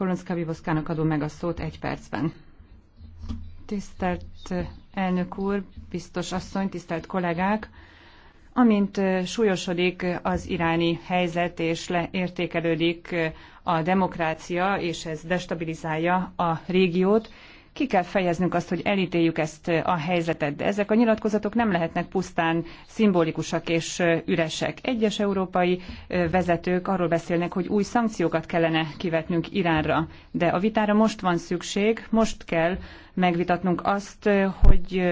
Kolonszka Vivoszkának adom meg a szót egy percben. Tisztelt eh, elnök úr, biztos asszony, tisztelt kollégák! Amint eh, súlyosodik eh, az iráni helyzet és leértékelődik a demokrácia, és ez destabilizálja a régiót, ki kell fejeznünk azt, hogy elítéljük ezt a helyzetet, de ezek a nyilatkozatok nem lehetnek pusztán szimbolikusak és üresek. Egyes európai vezetők arról beszélnek, hogy új szankciókat kellene kivetnünk Iránra, de a vitára most van szükség, most kell megvitatnunk azt, hogy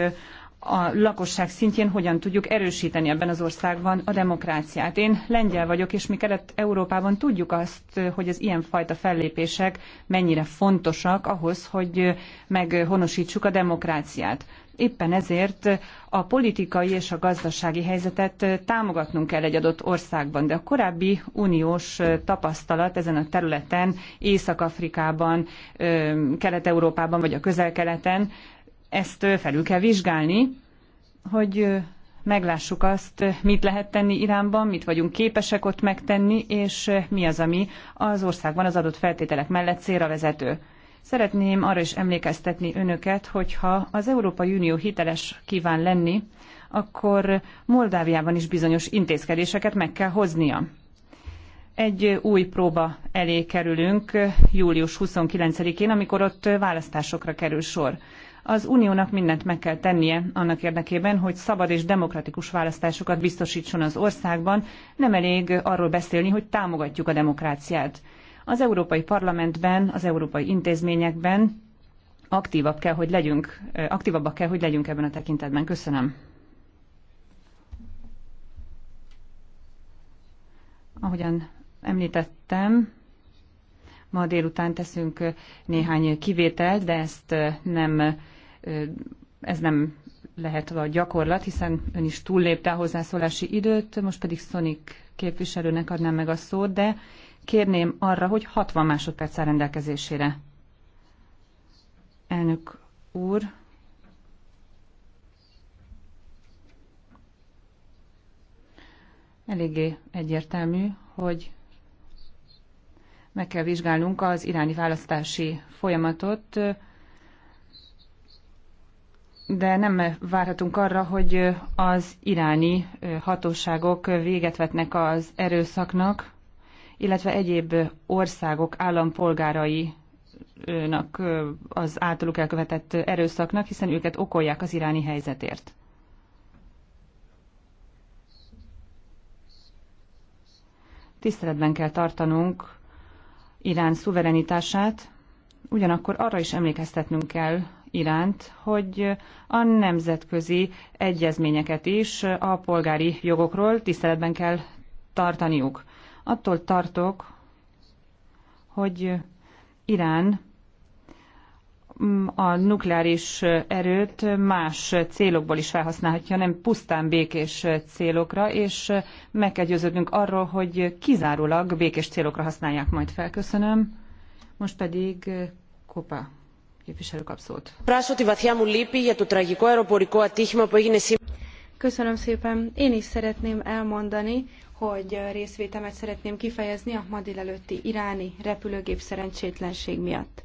a lakosság szintjén hogyan tudjuk erősíteni ebben az országban a demokráciát. Én lengyel vagyok, és mi Kelet-Európában tudjuk azt, hogy az ilyenfajta fellépések mennyire fontosak ahhoz, hogy meghonosítsuk a demokráciát. Éppen ezért a politikai és a gazdasági helyzetet támogatnunk kell egy adott országban, de a korábbi uniós tapasztalat ezen a területen, Észak-Afrikában, Kelet-Európában vagy a közel-keleten ezt felül kell vizsgálni, hogy meglássuk azt, mit lehet tenni Iránban, mit vagyunk képesek ott megtenni, és mi az, ami az országban az adott feltételek mellett célra vezető. Szeretném arra is emlékeztetni önöket, hogyha az Európai Unió hiteles kíván lenni, akkor Moldáviában is bizonyos intézkedéseket meg kell hoznia. Egy új próba elé kerülünk július 29-én, amikor ott választásokra kerül sor. Az uniónak mindent meg kell tennie annak érdekében, hogy szabad és demokratikus választásokat biztosítson az országban. Nem elég arról beszélni, hogy támogatjuk a demokráciát. Az Európai Parlamentben, az európai intézményekben aktívabb kell, hogy legyünk, eh, aktívabbak kell, hogy legyünk ebben a tekintetben. Köszönöm. Ahogyan említettem, ma délután teszünk eh, néhány kivételt, de ezt eh, nem ez nem lehet a gyakorlat, hiszen ön is túllépte a hozzászólási időt, most pedig Sonic képviselőnek adnám meg a szót, de kérném arra, hogy 60 másodperc áll rendelkezésére. Elnök úr, eléggé egyértelmű, hogy meg kell vizsgálnunk az iráni választási folyamatot, de nem várhatunk arra, hogy az iráni hatóságok véget vetnek az erőszaknak, illetve egyéb országok állampolgárai az általuk elkövetett erőszaknak, hiszen őket okolják az iráni helyzetért. Tiszteletben kell tartanunk Irán szuverenitását, Ugyanakkor arra is emlékeztetnünk kell iránt, hogy a nemzetközi egyezményeket is a polgári jogokról tiszteletben kell tartaniuk. Attól tartok, hogy Irán a nukleáris erőt más célokból is felhasználhatja, nem pusztán békés célokra, és meg kell győződnünk arról, hogy kizárólag békés célokra használják majd fel. Köszönöm. Most pedig eh, Kopa képviselő kap szót. Köszönöm szépen. Én is szeretném elmondani, hogy eh, részvétemet szeretném kifejezni a ma délelőtti iráni repülőgép szerencsétlenség miatt.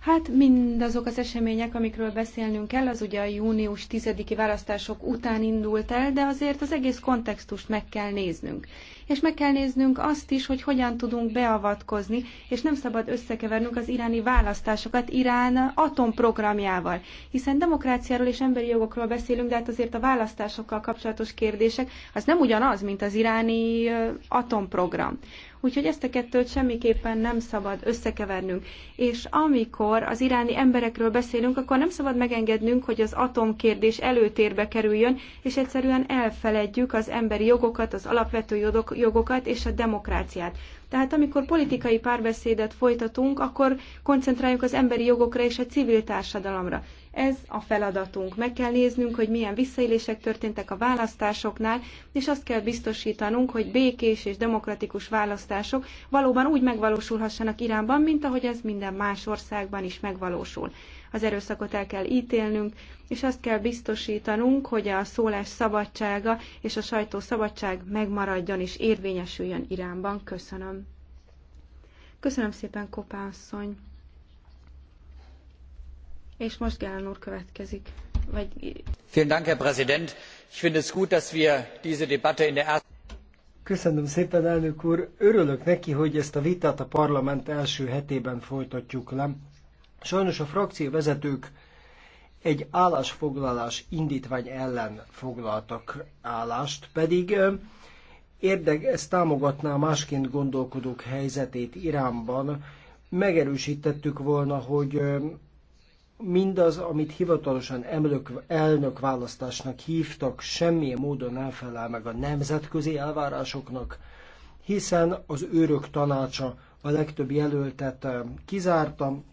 Hát mindazok az események, amikről beszélnünk kell, az ugye a június 10-i választások után indult el, de azért az egész kontextust meg kell néznünk és meg kell néznünk azt is, hogy hogyan tudunk beavatkozni, és nem szabad összekevernünk az iráni választásokat Irán atomprogramjával. Hiszen demokráciáról és emberi jogokról beszélünk, de hát azért a választásokkal kapcsolatos kérdések az nem ugyanaz, mint az iráni atomprogram. Úgyhogy ezt a kettőt semmiképpen nem szabad összekevernünk. És amikor az iráni emberekről beszélünk, akkor nem szabad megengednünk, hogy az atomkérdés előtérbe kerüljön, és egyszerűen elfeledjük az emberi jogokat, az alapvető jogokat és a demokráciát. Tehát amikor politikai párbeszédet folytatunk, akkor koncentráljuk az emberi jogokra és a civil társadalomra. Ez a feladatunk. Meg kell néznünk, hogy milyen visszaélések történtek a választásoknál, és azt kell biztosítanunk, hogy békés és demokratikus választások valóban úgy megvalósulhassanak Iránban, mint ahogy ez minden más országban is megvalósul az erőszakot el kell ítélnünk, és azt kell biztosítanunk, hogy a szólás szabadsága és a sajtó szabadság megmaradjon és érvényesüljön Iránban. Köszönöm. Köszönöm szépen, Kopászony. És most Gálán úr következik. Vagy... Vielen Dank, Herr Präsident. Ich finde es gut, dass wir diese Debatte in der ersten Köszönöm szépen, elnök úr. Örülök neki, hogy ezt a vitát a parlament első hetében folytatjuk le. Sajnos a frakcióvezetők egy állásfoglalás indítvány ellen foglaltak állást, pedig érdek, ez támogatná másként gondolkodók helyzetét Iránban. Megerősítettük volna, hogy mindaz, amit hivatalosan emlök, elnök választásnak hívtak, semmilyen módon nem felel meg a nemzetközi elvárásoknak, hiszen az őrök tanácsa a legtöbb jelöltet kizártam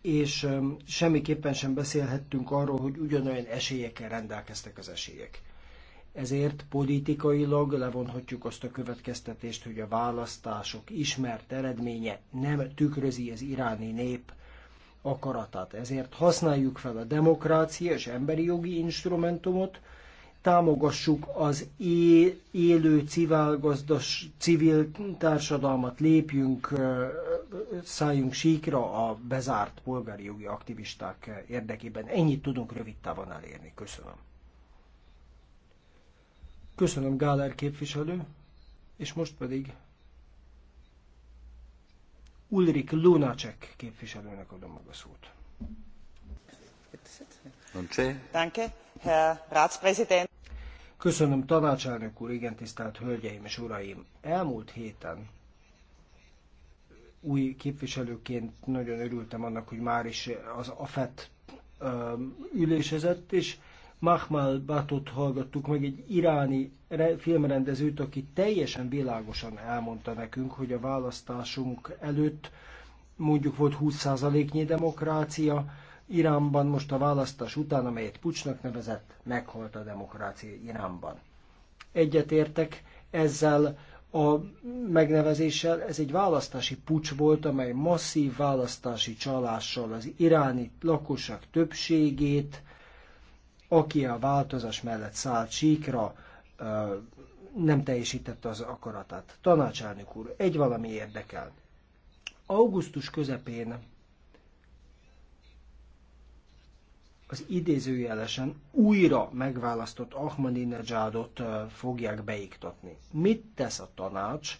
és semmiképpen sem beszélhettünk arról, hogy ugyanolyan esélyekkel rendelkeztek az esélyek. Ezért politikailag levonhatjuk azt a következtetést, hogy a választások ismert eredménye nem tükrözi az iráni nép akaratát. Ezért használjuk fel a demokrácia és emberi jogi instrumentumot, támogassuk az élő civil, gazdas, civil társadalmat, lépjünk szálljunk síkra a bezárt polgári jogi aktivisták érdekében. Ennyit tudunk rövid távon elérni. Köszönöm. Köszönöm, Gáler képviselő, és most pedig Ulrik Lunacek képviselőnek adom maga szót. Danke, Herr Ratspräsident. Köszönöm, tanácselnök úr, igen tisztelt hölgyeim és uraim! Elmúlt héten új képviselőként nagyon örültem annak, hogy már is az AFET ülésezett, és Mahmal Batot hallgattuk meg, egy iráni filmrendezőt, aki teljesen világosan elmondta nekünk, hogy a választásunk előtt mondjuk volt 20%-nyi demokrácia, Iránban most a választás után, amelyet pucsnak nevezett, meghalt a demokrácia Iránban. Egyetértek ezzel, a megnevezéssel. Ez egy választási pucs volt, amely masszív választási csalással az iráni lakosság többségét, aki a változás mellett szállt síkra, nem teljesítette az akaratát. Tanácselnök úr, egy valami érdekel. Augusztus közepén az idézőjelesen újra megválasztott Ahmadinejadot fogják beiktatni. Mit tesz a tanács,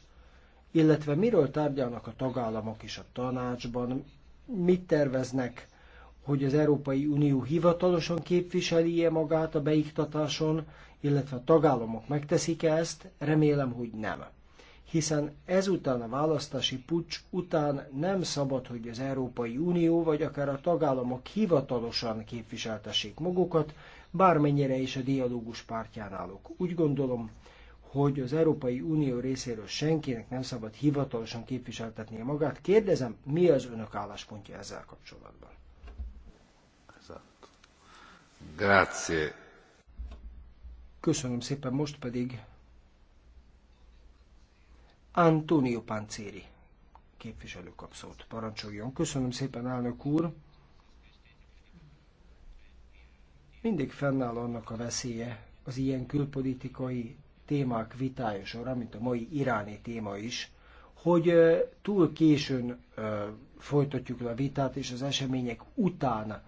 illetve miről tárgyalnak a tagállamok is a tanácsban, mit terveznek, hogy az Európai Unió hivatalosan képviselje magát a beiktatáson, illetve a tagállamok megteszik -e ezt, remélem, hogy nem hiszen ezután a választási pucs után nem szabad, hogy az Európai Unió vagy akár a tagállamok hivatalosan képviseltessék magukat, bármennyire is a dialógus pártján állok. Úgy gondolom, hogy az Európai Unió részéről senkinek nem szabad hivatalosan képviseltetnie magát. Kérdezem, mi az önök álláspontja ezzel kapcsolatban? Grazie. Köszönöm szépen, most pedig Antonio Pancéri képviselő kap szót. Parancsoljon. Köszönöm szépen, elnök úr. Mindig fennáll annak a veszélye az ilyen külpolitikai témák vitája során, mint a mai iráni téma is, hogy túl későn folytatjuk le a vitát, és az események után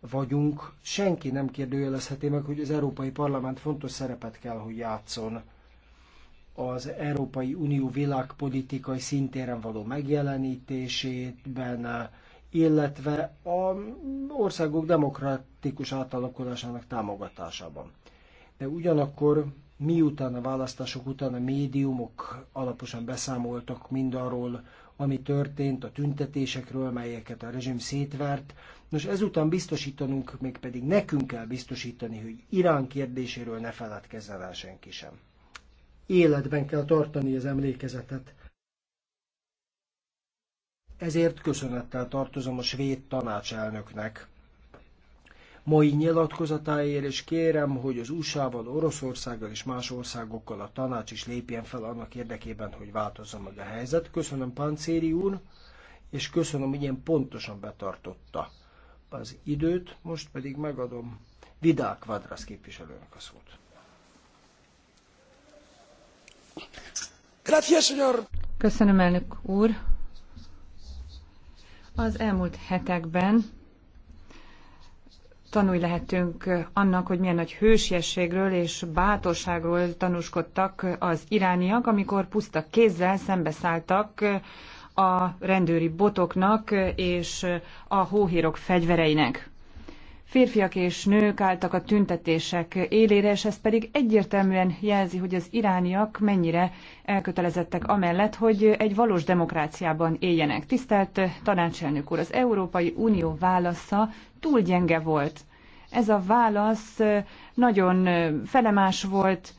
vagyunk. Senki nem kérdőjelezheti meg, hogy az Európai Parlament fontos szerepet kell, hogy játszon az Európai Unió világpolitikai szintéren való megjelenítésétben illetve a országok demokratikus átalakulásának támogatásában. De ugyanakkor miután a választások után a médiumok alaposan beszámoltak mindarról, ami történt, a tüntetésekről, melyeket a rezsim szétvert. Nos, ezután biztosítanunk, még pedig nekünk kell biztosítani, hogy Irán kérdéséről ne feledkezzen el senki sem életben kell tartani az emlékezetet. Ezért köszönettel tartozom a svéd tanácselnöknek. Mai nyilatkozatáért és kérem, hogy az USA-val, Oroszországgal és más országokkal a tanács is lépjen fel annak érdekében, hogy változzon meg a helyzet. Köszönöm Pancéri úr, és köszönöm, hogy ilyen pontosan betartotta az időt, most pedig megadom Vidák Vadrasz képviselőnek a szót. Köszönöm, elnök úr. Az elmúlt hetekben tanúi lehetünk annak, hogy milyen nagy hősiességről és bátorságról tanúskodtak az irániak, amikor puszta kézzel szembeszálltak a rendőri botoknak és a hóhérok fegyvereinek férfiak és nők álltak a tüntetések élére, és ez pedig egyértelműen jelzi, hogy az irániak mennyire elkötelezettek amellett, hogy egy valós demokráciában éljenek. Tisztelt tanácselnök úr, az Európai Unió válasza túl gyenge volt. Ez a válasz nagyon felemás volt,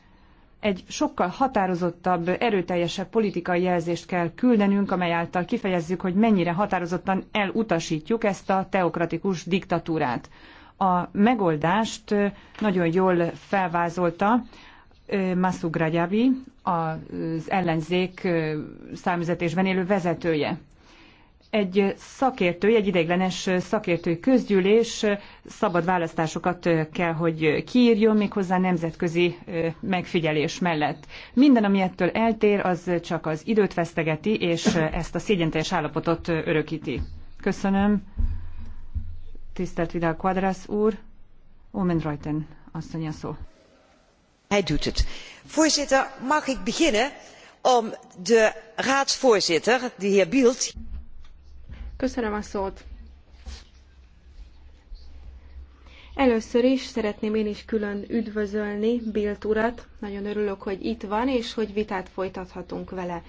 egy sokkal határozottabb, erőteljesebb politikai jelzést kell küldenünk, amely által kifejezzük, hogy mennyire határozottan elutasítjuk ezt a teokratikus diktatúrát. A megoldást nagyon jól felvázolta Masu Gradjabi, az ellenzék számüzetésben élő vezetője egy szakértői, egy ideiglenes szakértői közgyűlés szabad választásokat kell, hogy kiírjon méghozzá nemzetközi megfigyelés mellett. Minden, ami ettől eltér, az csak az időt vesztegeti, és ezt a szégyenteljes állapotot örökíti. Köszönöm. Tisztelt Vidal Quadras úr, Omen Reuten asszony a szó. Hij doet het. Voorzitter, mag ik beginnen om de raadsvoorzitter, de heer Bielt. Köszönöm a szót. Először is szeretném én is külön üdvözölni Bilt urat. Nagyon örülök, hogy itt van, és hogy vitát folytathatunk vele.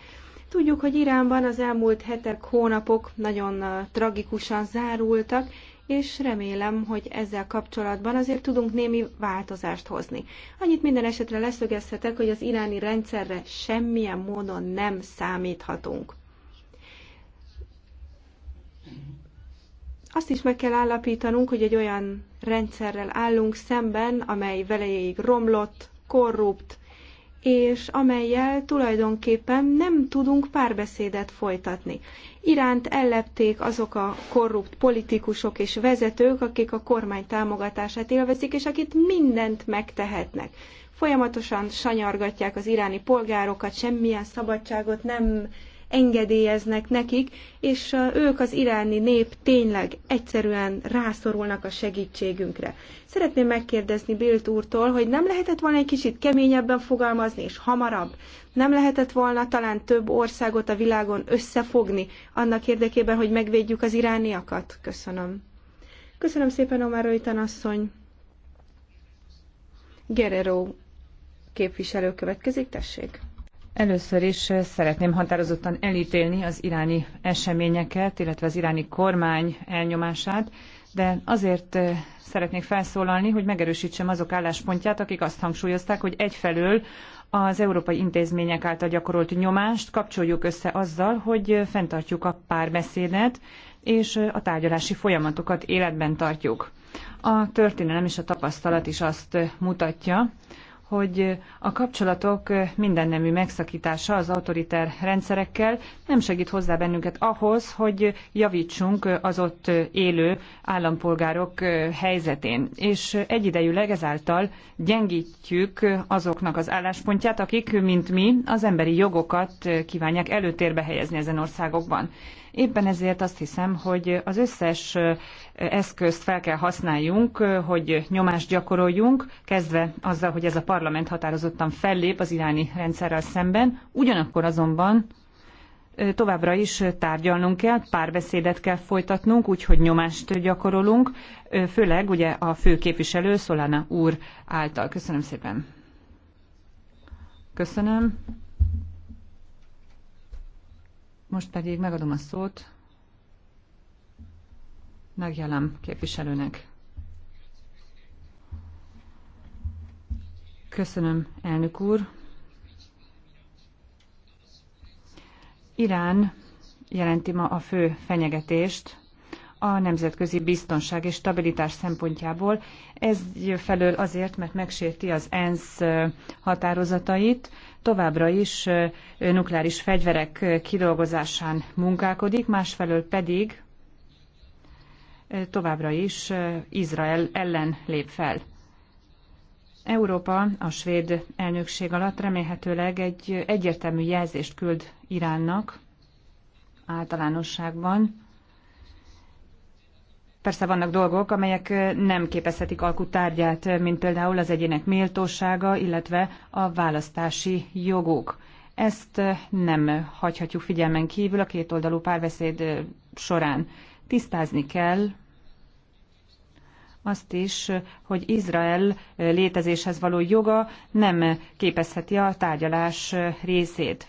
Tudjuk, hogy Iránban az elmúlt hetek, hónapok nagyon tragikusan zárultak, és remélem, hogy ezzel kapcsolatban azért tudunk némi változást hozni. Annyit minden esetre leszögezhetek, hogy az iráni rendszerre semmilyen módon nem számíthatunk. Azt is meg kell állapítanunk, hogy egy olyan rendszerrel állunk szemben, amely velejéig romlott, korrupt, és amelyel tulajdonképpen nem tudunk párbeszédet folytatni. Iránt ellepték azok a korrupt politikusok és vezetők, akik a kormány támogatását élvezik, és akik mindent megtehetnek. Folyamatosan sanyargatják az iráni polgárokat, semmilyen szabadságot nem engedélyeznek nekik, és ők az iráni nép tényleg egyszerűen rászorulnak a segítségünkre. Szeretném megkérdezni Bilt úrtól, hogy nem lehetett volna egy kicsit keményebben fogalmazni, és hamarabb? Nem lehetett volna talán több országot a világon összefogni annak érdekében, hogy megvédjük az irániakat? Köszönöm. Köszönöm szépen, Omar Röjtan asszony. Guerrero képviselő következik, tessék. Először is eh, szeretném határozottan elítélni az iráni eseményeket, illetve az iráni kormány elnyomását, de azért eh, szeretnék felszólalni, hogy megerősítsem azok álláspontját, akik azt hangsúlyozták, hogy egyfelől az európai intézmények által gyakorolt nyomást kapcsoljuk össze azzal, hogy eh, fenntartjuk a párbeszédet, és a tárgyalási folyamatokat életben tartjuk. A történelem és a tapasztalat is azt mutatja, hogy a kapcsolatok mindennemű megszakítása az autoriter rendszerekkel nem segít hozzá bennünket ahhoz, hogy javítsunk az ott élő állampolgárok helyzetén. És egyidejűleg ezáltal gyengítjük azoknak az álláspontját, akik, mint mi, az emberi jogokat kívánják előtérbe helyezni ezen országokban. Éppen ezért azt hiszem, hogy az összes eszközt fel kell használjunk, hogy nyomást gyakoroljunk, kezdve azzal, hogy ez a parlament határozottan fellép az iráni rendszerrel szemben, ugyanakkor azonban továbbra is tárgyalnunk kell, párbeszédet kell folytatnunk, úgyhogy nyomást gyakorolunk, főleg ugye a fő képviselő Szolana úr által. Köszönöm szépen. Köszönöm. Most pedig megadom a szót Megjelem képviselőnek. Köszönöm, elnök úr. Irán jelenti ma a fő fenyegetést a nemzetközi biztonság és stabilitás szempontjából. Ez felől azért, mert megsérti az ENSZ határozatait, továbbra is nukleáris fegyverek kidolgozásán munkálkodik, másfelől pedig továbbra is Izrael ellen lép fel. Európa a svéd elnökség alatt remélhetőleg egy egyértelmű jelzést küld Iránnak általánosságban. Persze vannak dolgok, amelyek nem képezhetik alkutárgyát, mint például az egyének méltósága, illetve a választási jogok. Ezt nem hagyhatjuk figyelmen kívül a kétoldalú párbeszéd során. Tisztázni kell azt is, hogy Izrael létezéshez való joga nem képezheti a tárgyalás részét.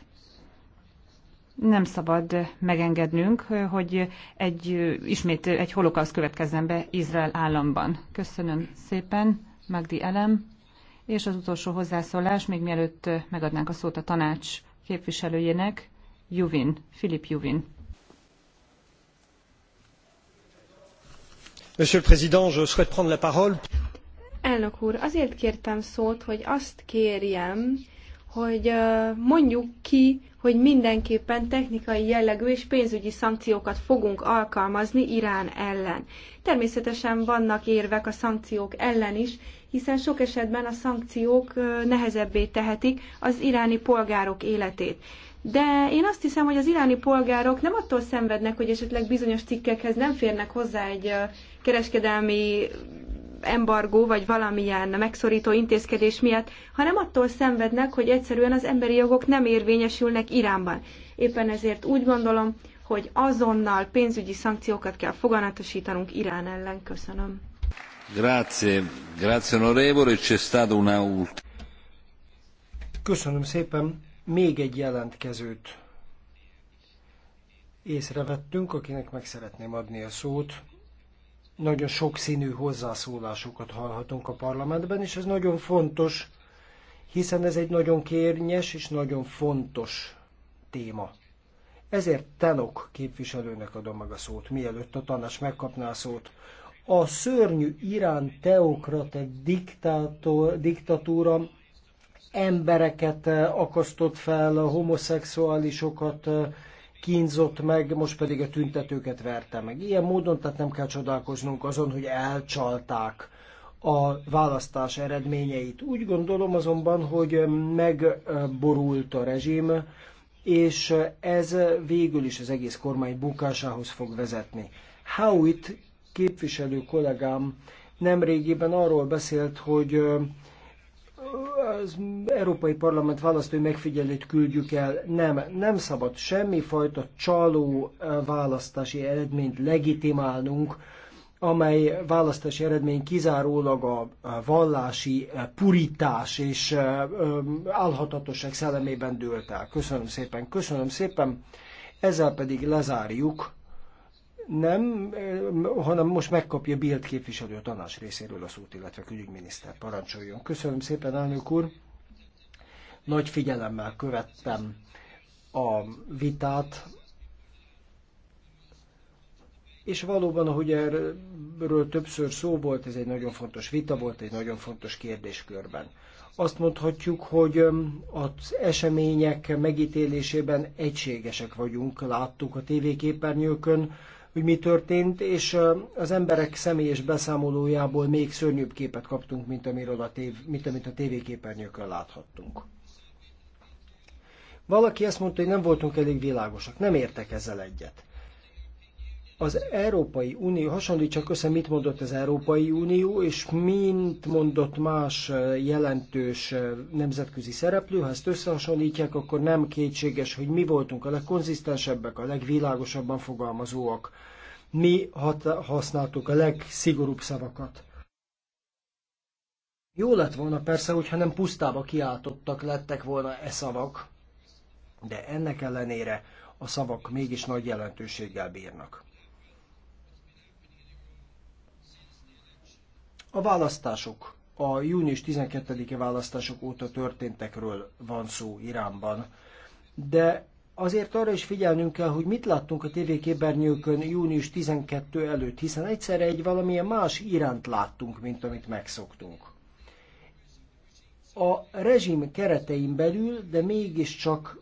Nem szabad megengednünk, hogy egy, ismét egy holokausz következzen be Izrael államban. Köszönöm szépen, Magdi Elem. És az utolsó hozzászólás, még mielőtt megadnánk a szót a tanács képviselőjének, Juvin, Filip Juvin. Elnök úr, azért kértem szót, hogy azt kérjem, hogy mondjuk ki, hogy mindenképpen technikai jellegű és pénzügyi szankciókat fogunk alkalmazni Irán ellen. Természetesen vannak érvek a szankciók ellen is, hiszen sok esetben a szankciók nehezebbé tehetik az iráni polgárok életét de én azt hiszem, hogy az iráni polgárok nem attól szenvednek, hogy esetleg bizonyos cikkekhez nem férnek hozzá egy kereskedelmi embargó vagy valamilyen megszorító intézkedés miatt, hanem attól szenvednek, hogy egyszerűen az emberi jogok nem érvényesülnek Iránban. Éppen ezért úgy gondolom, hogy azonnal pénzügyi szankciókat kell foganatosítanunk Irán ellen. Köszönöm. Grazie, grazie onorevole, c'è stato una Köszönöm szépen még egy jelentkezőt észrevettünk, akinek meg szeretném adni a szót. Nagyon sokszínű hozzászólásokat hallhatunk a parlamentben, és ez nagyon fontos, hiszen ez egy nagyon kérnyes és nagyon fontos téma. Ezért Tenok képviselőnek adom meg a szót, mielőtt a tanács megkapná a szót. A szörnyű Irán teokrata diktátor, diktatúra embereket eh, akasztott fel, a homoszexuálisokat eh, kínzott meg, most pedig a tüntetőket verte meg. Ilyen módon tehát nem kell csodálkoznunk azon, hogy elcsalták a választás eredményeit. Úgy gondolom azonban, hogy eh, megborult a rezsim, és ez végül is az egész kormány bukásához fog vezetni. Howitt képviselő kollégám nemrégiben arról beszélt, hogy az Európai Parlament választói megfigyelőt küldjük el. Nem, nem szabad semmifajta csaló választási eredményt legitimálnunk, amely választási eredmény kizárólag a vallási puritás és álhatatosság szellemében dőlt el. Köszönöm szépen, köszönöm szépen. Ezzel pedig lezárjuk nem, eh, hanem most megkapja Bild képviselő tanács részéről a szót, illetve külügyminiszter parancsoljon. Köszönöm szépen, elnök úr. Nagy figyelemmel követtem a vitát, és valóban, ahogy erről többször szó volt, ez egy nagyon fontos vita volt, egy nagyon fontos kérdéskörben. Azt mondhatjuk, hogy az események megítélésében egységesek vagyunk, láttuk a tévéképernyőkön, hogy mi történt, és az emberek személyes beszámolójából még szörnyűbb képet kaptunk, mint amiről a, tév, mint amit a tévéképernyőkön láthattunk. Valaki ezt mondta, hogy nem voltunk elég világosak, nem értek ezzel egyet az Európai Unió, hasonlítsak össze, mit mondott az Európai Unió, és mint mondott más jelentős nemzetközi szereplő, ha ezt összehasonlítják, akkor nem kétséges, hogy mi voltunk a legkonzisztensebbek, a legvilágosabban fogalmazóak. Mi használtuk a legszigorúbb szavakat. Jó lett volna persze, hogyha nem pusztába kiáltottak lettek volna e szavak, de ennek ellenére a szavak mégis nagy jelentőséggel bírnak. A választások, a június 12 e választások óta történtekről van szó Iránban, de azért arra is figyelnünk kell, hogy mit láttunk a tévéképernyőkön június 12 előtt, hiszen egyszerre egy valamilyen más iránt láttunk, mint amit megszoktunk. A rezsim keretein belül, de mégiscsak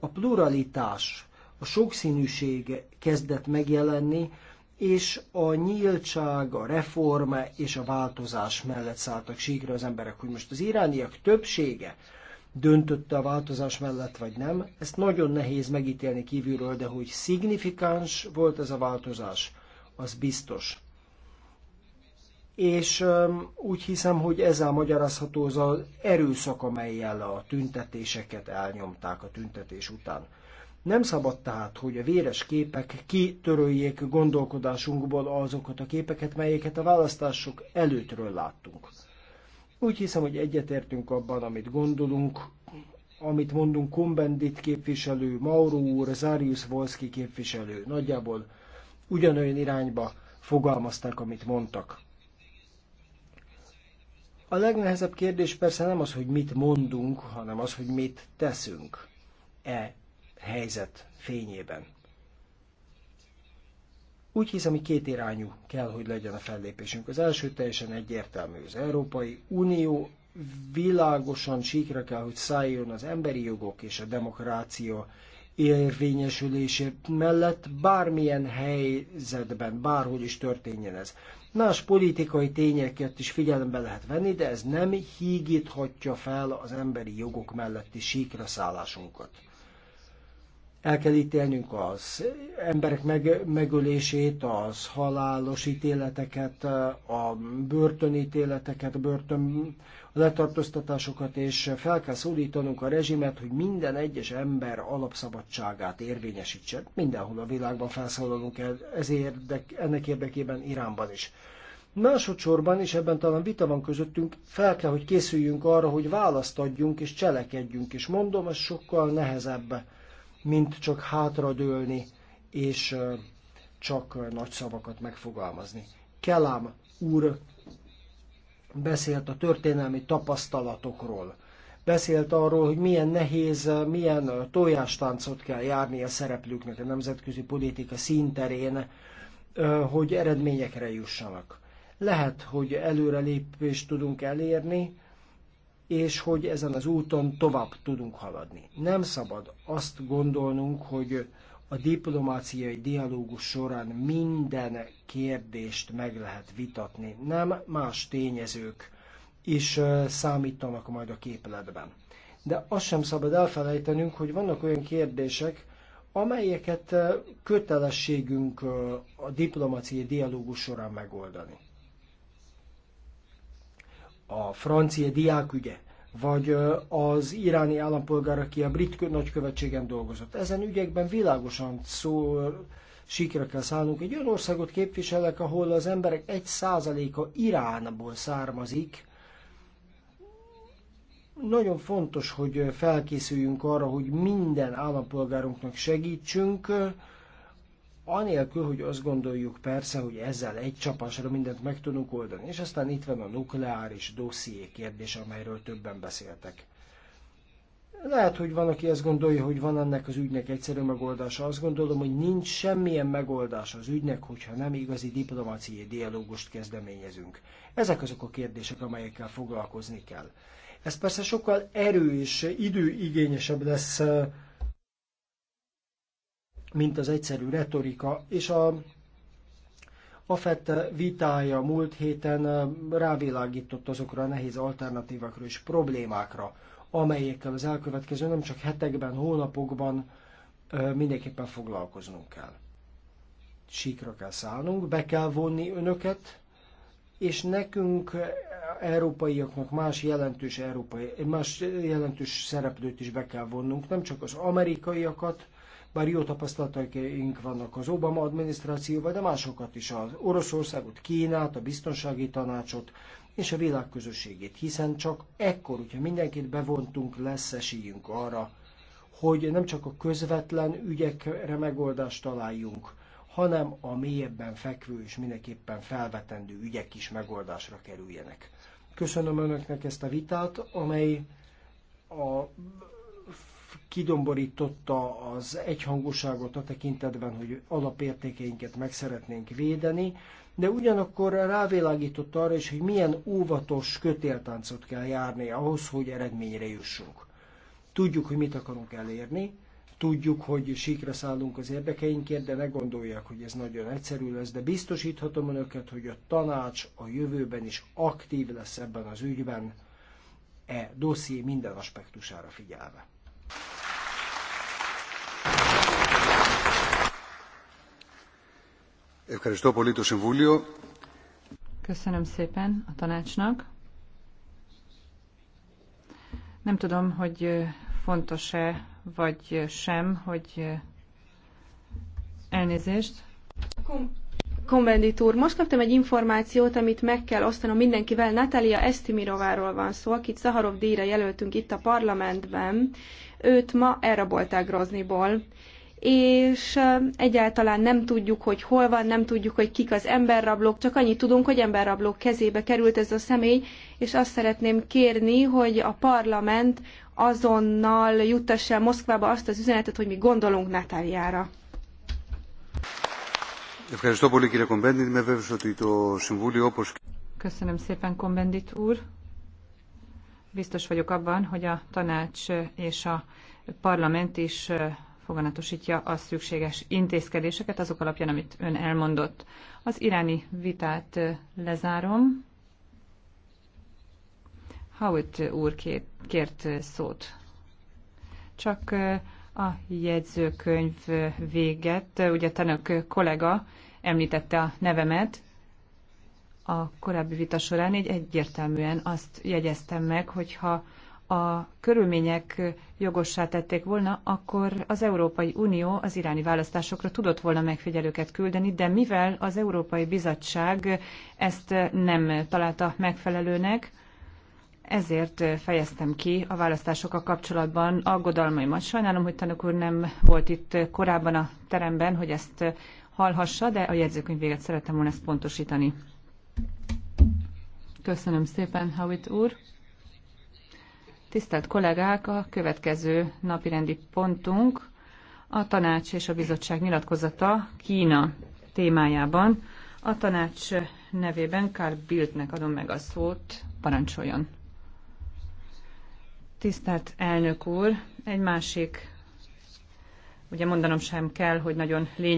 a pluralitás, a sokszínűség kezdett megjelenni, és a nyíltság, a reform és a változás mellett szálltak síkra az emberek, hogy most az irániak többsége döntötte a változás mellett, vagy nem. Ezt nagyon nehéz megítélni kívülről, de hogy szignifikáns volt ez a változás, az biztos. És um, úgy hiszem, hogy ezzel magyarázható az, az erőszak, amelyel a tüntetéseket elnyomták a tüntetés után. Nem szabad tehát, hogy a véres képek kitöröljék gondolkodásunkból azokat a képeket, melyeket a választások előttről láttunk. Úgy hiszem, hogy egyetértünk abban, amit gondolunk, amit mondunk Kumbendit képviselő, Mauro úr, Zárius Volszki képviselő, nagyjából ugyanolyan irányba fogalmazták, amit mondtak. A legnehezebb kérdés persze nem az, hogy mit mondunk, hanem az, hogy mit teszünk. E helyzet fényében. Úgy hiszem, hogy két irányú kell, hogy legyen a fellépésünk. Az első teljesen egyértelmű. Az Európai Unió világosan síkra kell, hogy szálljon az emberi jogok és a demokrácia érvényesülésé mellett bármilyen helyzetben, bárhol is történjen ez. Más politikai tényeket is figyelembe lehet venni, de ez nem hígíthatja fel az emberi jogok melletti síkra szállásunkat. El kell ítélnünk az emberek meg, megölését, az halálos ítéleteket, a börtönítéleteket, a börtön letartóztatásokat, és fel kell szólítanunk a rezsimet, hogy minden egyes ember alapszabadságát érvényesítse. Mindenhol a világban felszólalunk ez érdek, ennek érdekében Iránban is. Másodszorban, és ebben talán vita van közöttünk, fel kell, hogy készüljünk arra, hogy választ adjunk és cselekedjünk, és mondom, ez sokkal nehezebb mint csak hátradőlni és csak nagy szavakat megfogalmazni. Kelám úr beszélt a történelmi tapasztalatokról. Beszélt arról, hogy milyen nehéz, milyen tojástáncot kell járni a szereplőknek a nemzetközi politika színterén, hogy eredményekre jussanak. Lehet, hogy előrelépést tudunk elérni, és hogy ezen az úton tovább tudunk haladni. Nem szabad azt gondolnunk, hogy a diplomáciai dialógus során minden kérdést meg lehet vitatni, nem más tényezők is számítanak majd a képletben. De azt sem szabad elfelejtenünk, hogy vannak olyan kérdések, amelyeket kötelességünk a diplomáciai dialógus során megoldani a francia diák ügye, vagy az iráni állampolgár, aki a brit nagykövetségen dolgozott. Ezen ügyekben világosan szó sikre kell szállnunk. Egy olyan országot képviselek, ahol az emberek egy százaléka Iránból származik. Nagyon fontos, hogy felkészüljünk arra, hogy minden állampolgárunknak segítsünk, anélkül, hogy azt gondoljuk persze, hogy ezzel egy csapásra mindent meg tudunk oldani. És aztán itt van a nukleáris dosszié kérdés, amelyről többen beszéltek. Lehet, hogy van, aki azt gondolja, hogy van ennek az ügynek egyszerű megoldása. Azt gondolom, hogy nincs semmilyen megoldás az ügynek, hogyha nem igazi diplomáciai dialógust kezdeményezünk. Ezek azok a kérdések, amelyekkel foglalkozni kell. Ez persze sokkal erő és időigényesebb lesz, mint az egyszerű retorika. És a AFET vitája múlt héten rávilágított azokra a nehéz alternatívakra és problémákra, amelyekkel az elkövetkező nem csak hetekben, hónapokban mindenképpen foglalkoznunk kell. Síkra kell szállnunk, be kell vonni önöket, és nekünk európaiaknak más jelentős, európai, más jelentős szereplőt is be kell vonnunk, nem csak az amerikaiakat, bár jó tapasztalataink vannak az Obama adminisztrációval, de másokat is, az Oroszországot, Kínát, a biztonsági tanácsot és a világközösségét, hiszen csak ekkor, hogyha mindenkit bevontunk, lesz esélyünk arra, hogy nem csak a közvetlen ügyekre megoldást találjunk, hanem a mélyebben fekvő és mindenképpen felvetendő ügyek is megoldásra kerüljenek. Köszönöm Önöknek ezt a vitát, amely a kidomborította az egyhangúságot a tekintetben, hogy alapértékeinket meg szeretnénk védeni, de ugyanakkor rávilágított arra is, hogy milyen óvatos kötéltáncot kell járni ahhoz, hogy eredményre jussunk. Tudjuk, hogy mit akarunk elérni, tudjuk, hogy síkra szállunk az érdekeinkért, de ne gondolják, hogy ez nagyon egyszerű lesz, de biztosíthatom önöket, hogy a tanács a jövőben is aktív lesz ebben az ügyben, e dosszié minden aspektusára figyelve. Köszönöm szépen a tanácsnak. Nem tudom, hogy fontos-e vagy sem, hogy elnézést. Kombendit úr, most kaptam egy információt, amit meg kell osztanom mindenkivel. Natalia Estimirováról van szó, akit Szaharov díjra jelöltünk itt a parlamentben. Őt ma elrabolták Grozniból és egyáltalán nem tudjuk, hogy hol van, nem tudjuk, hogy kik az emberrablók, csak annyit tudunk, hogy emberrablók kezébe került ez a személy, és azt szeretném kérni, hogy a parlament azonnal juttassa el Moszkvába azt az üzenetet, hogy mi gondolunk Natáliára. Köszönöm szépen, Konbendit úr. Biztos vagyok abban, hogy a tanács és a parlament is foganatosítja a szükséges intézkedéseket azok alapján, amit ön elmondott. Az iráni vitát lezárom. Howitt úr kért szót. Csak a jegyzőkönyv véget, ugye tanök kollega említette a nevemet, a korábbi vita során így egyértelműen azt jegyeztem meg, hogyha a körülmények jogossá tették volna, akkor az Európai Unió az iráni választásokra tudott volna megfigyelőket küldeni, de mivel az Európai Bizottság ezt nem találta megfelelőnek, ezért fejeztem ki a választásokkal kapcsolatban aggodalmaimat. Sajnálom, hogy tanok úr nem volt itt korábban a teremben, hogy ezt hallhassa, de a jegyzőkönyv véget szerettem volna ezt pontosítani. Köszönöm szépen, Howitt úr. Tisztelt kollégák, a következő napirendi pontunk a tanács és a bizottság nyilatkozata Kína témájában. A tanács nevében kár Bildtnek adom meg a szót, parancsoljon. Tisztelt elnök úr, egy másik, ugye mondanom sem kell, hogy nagyon lényeges,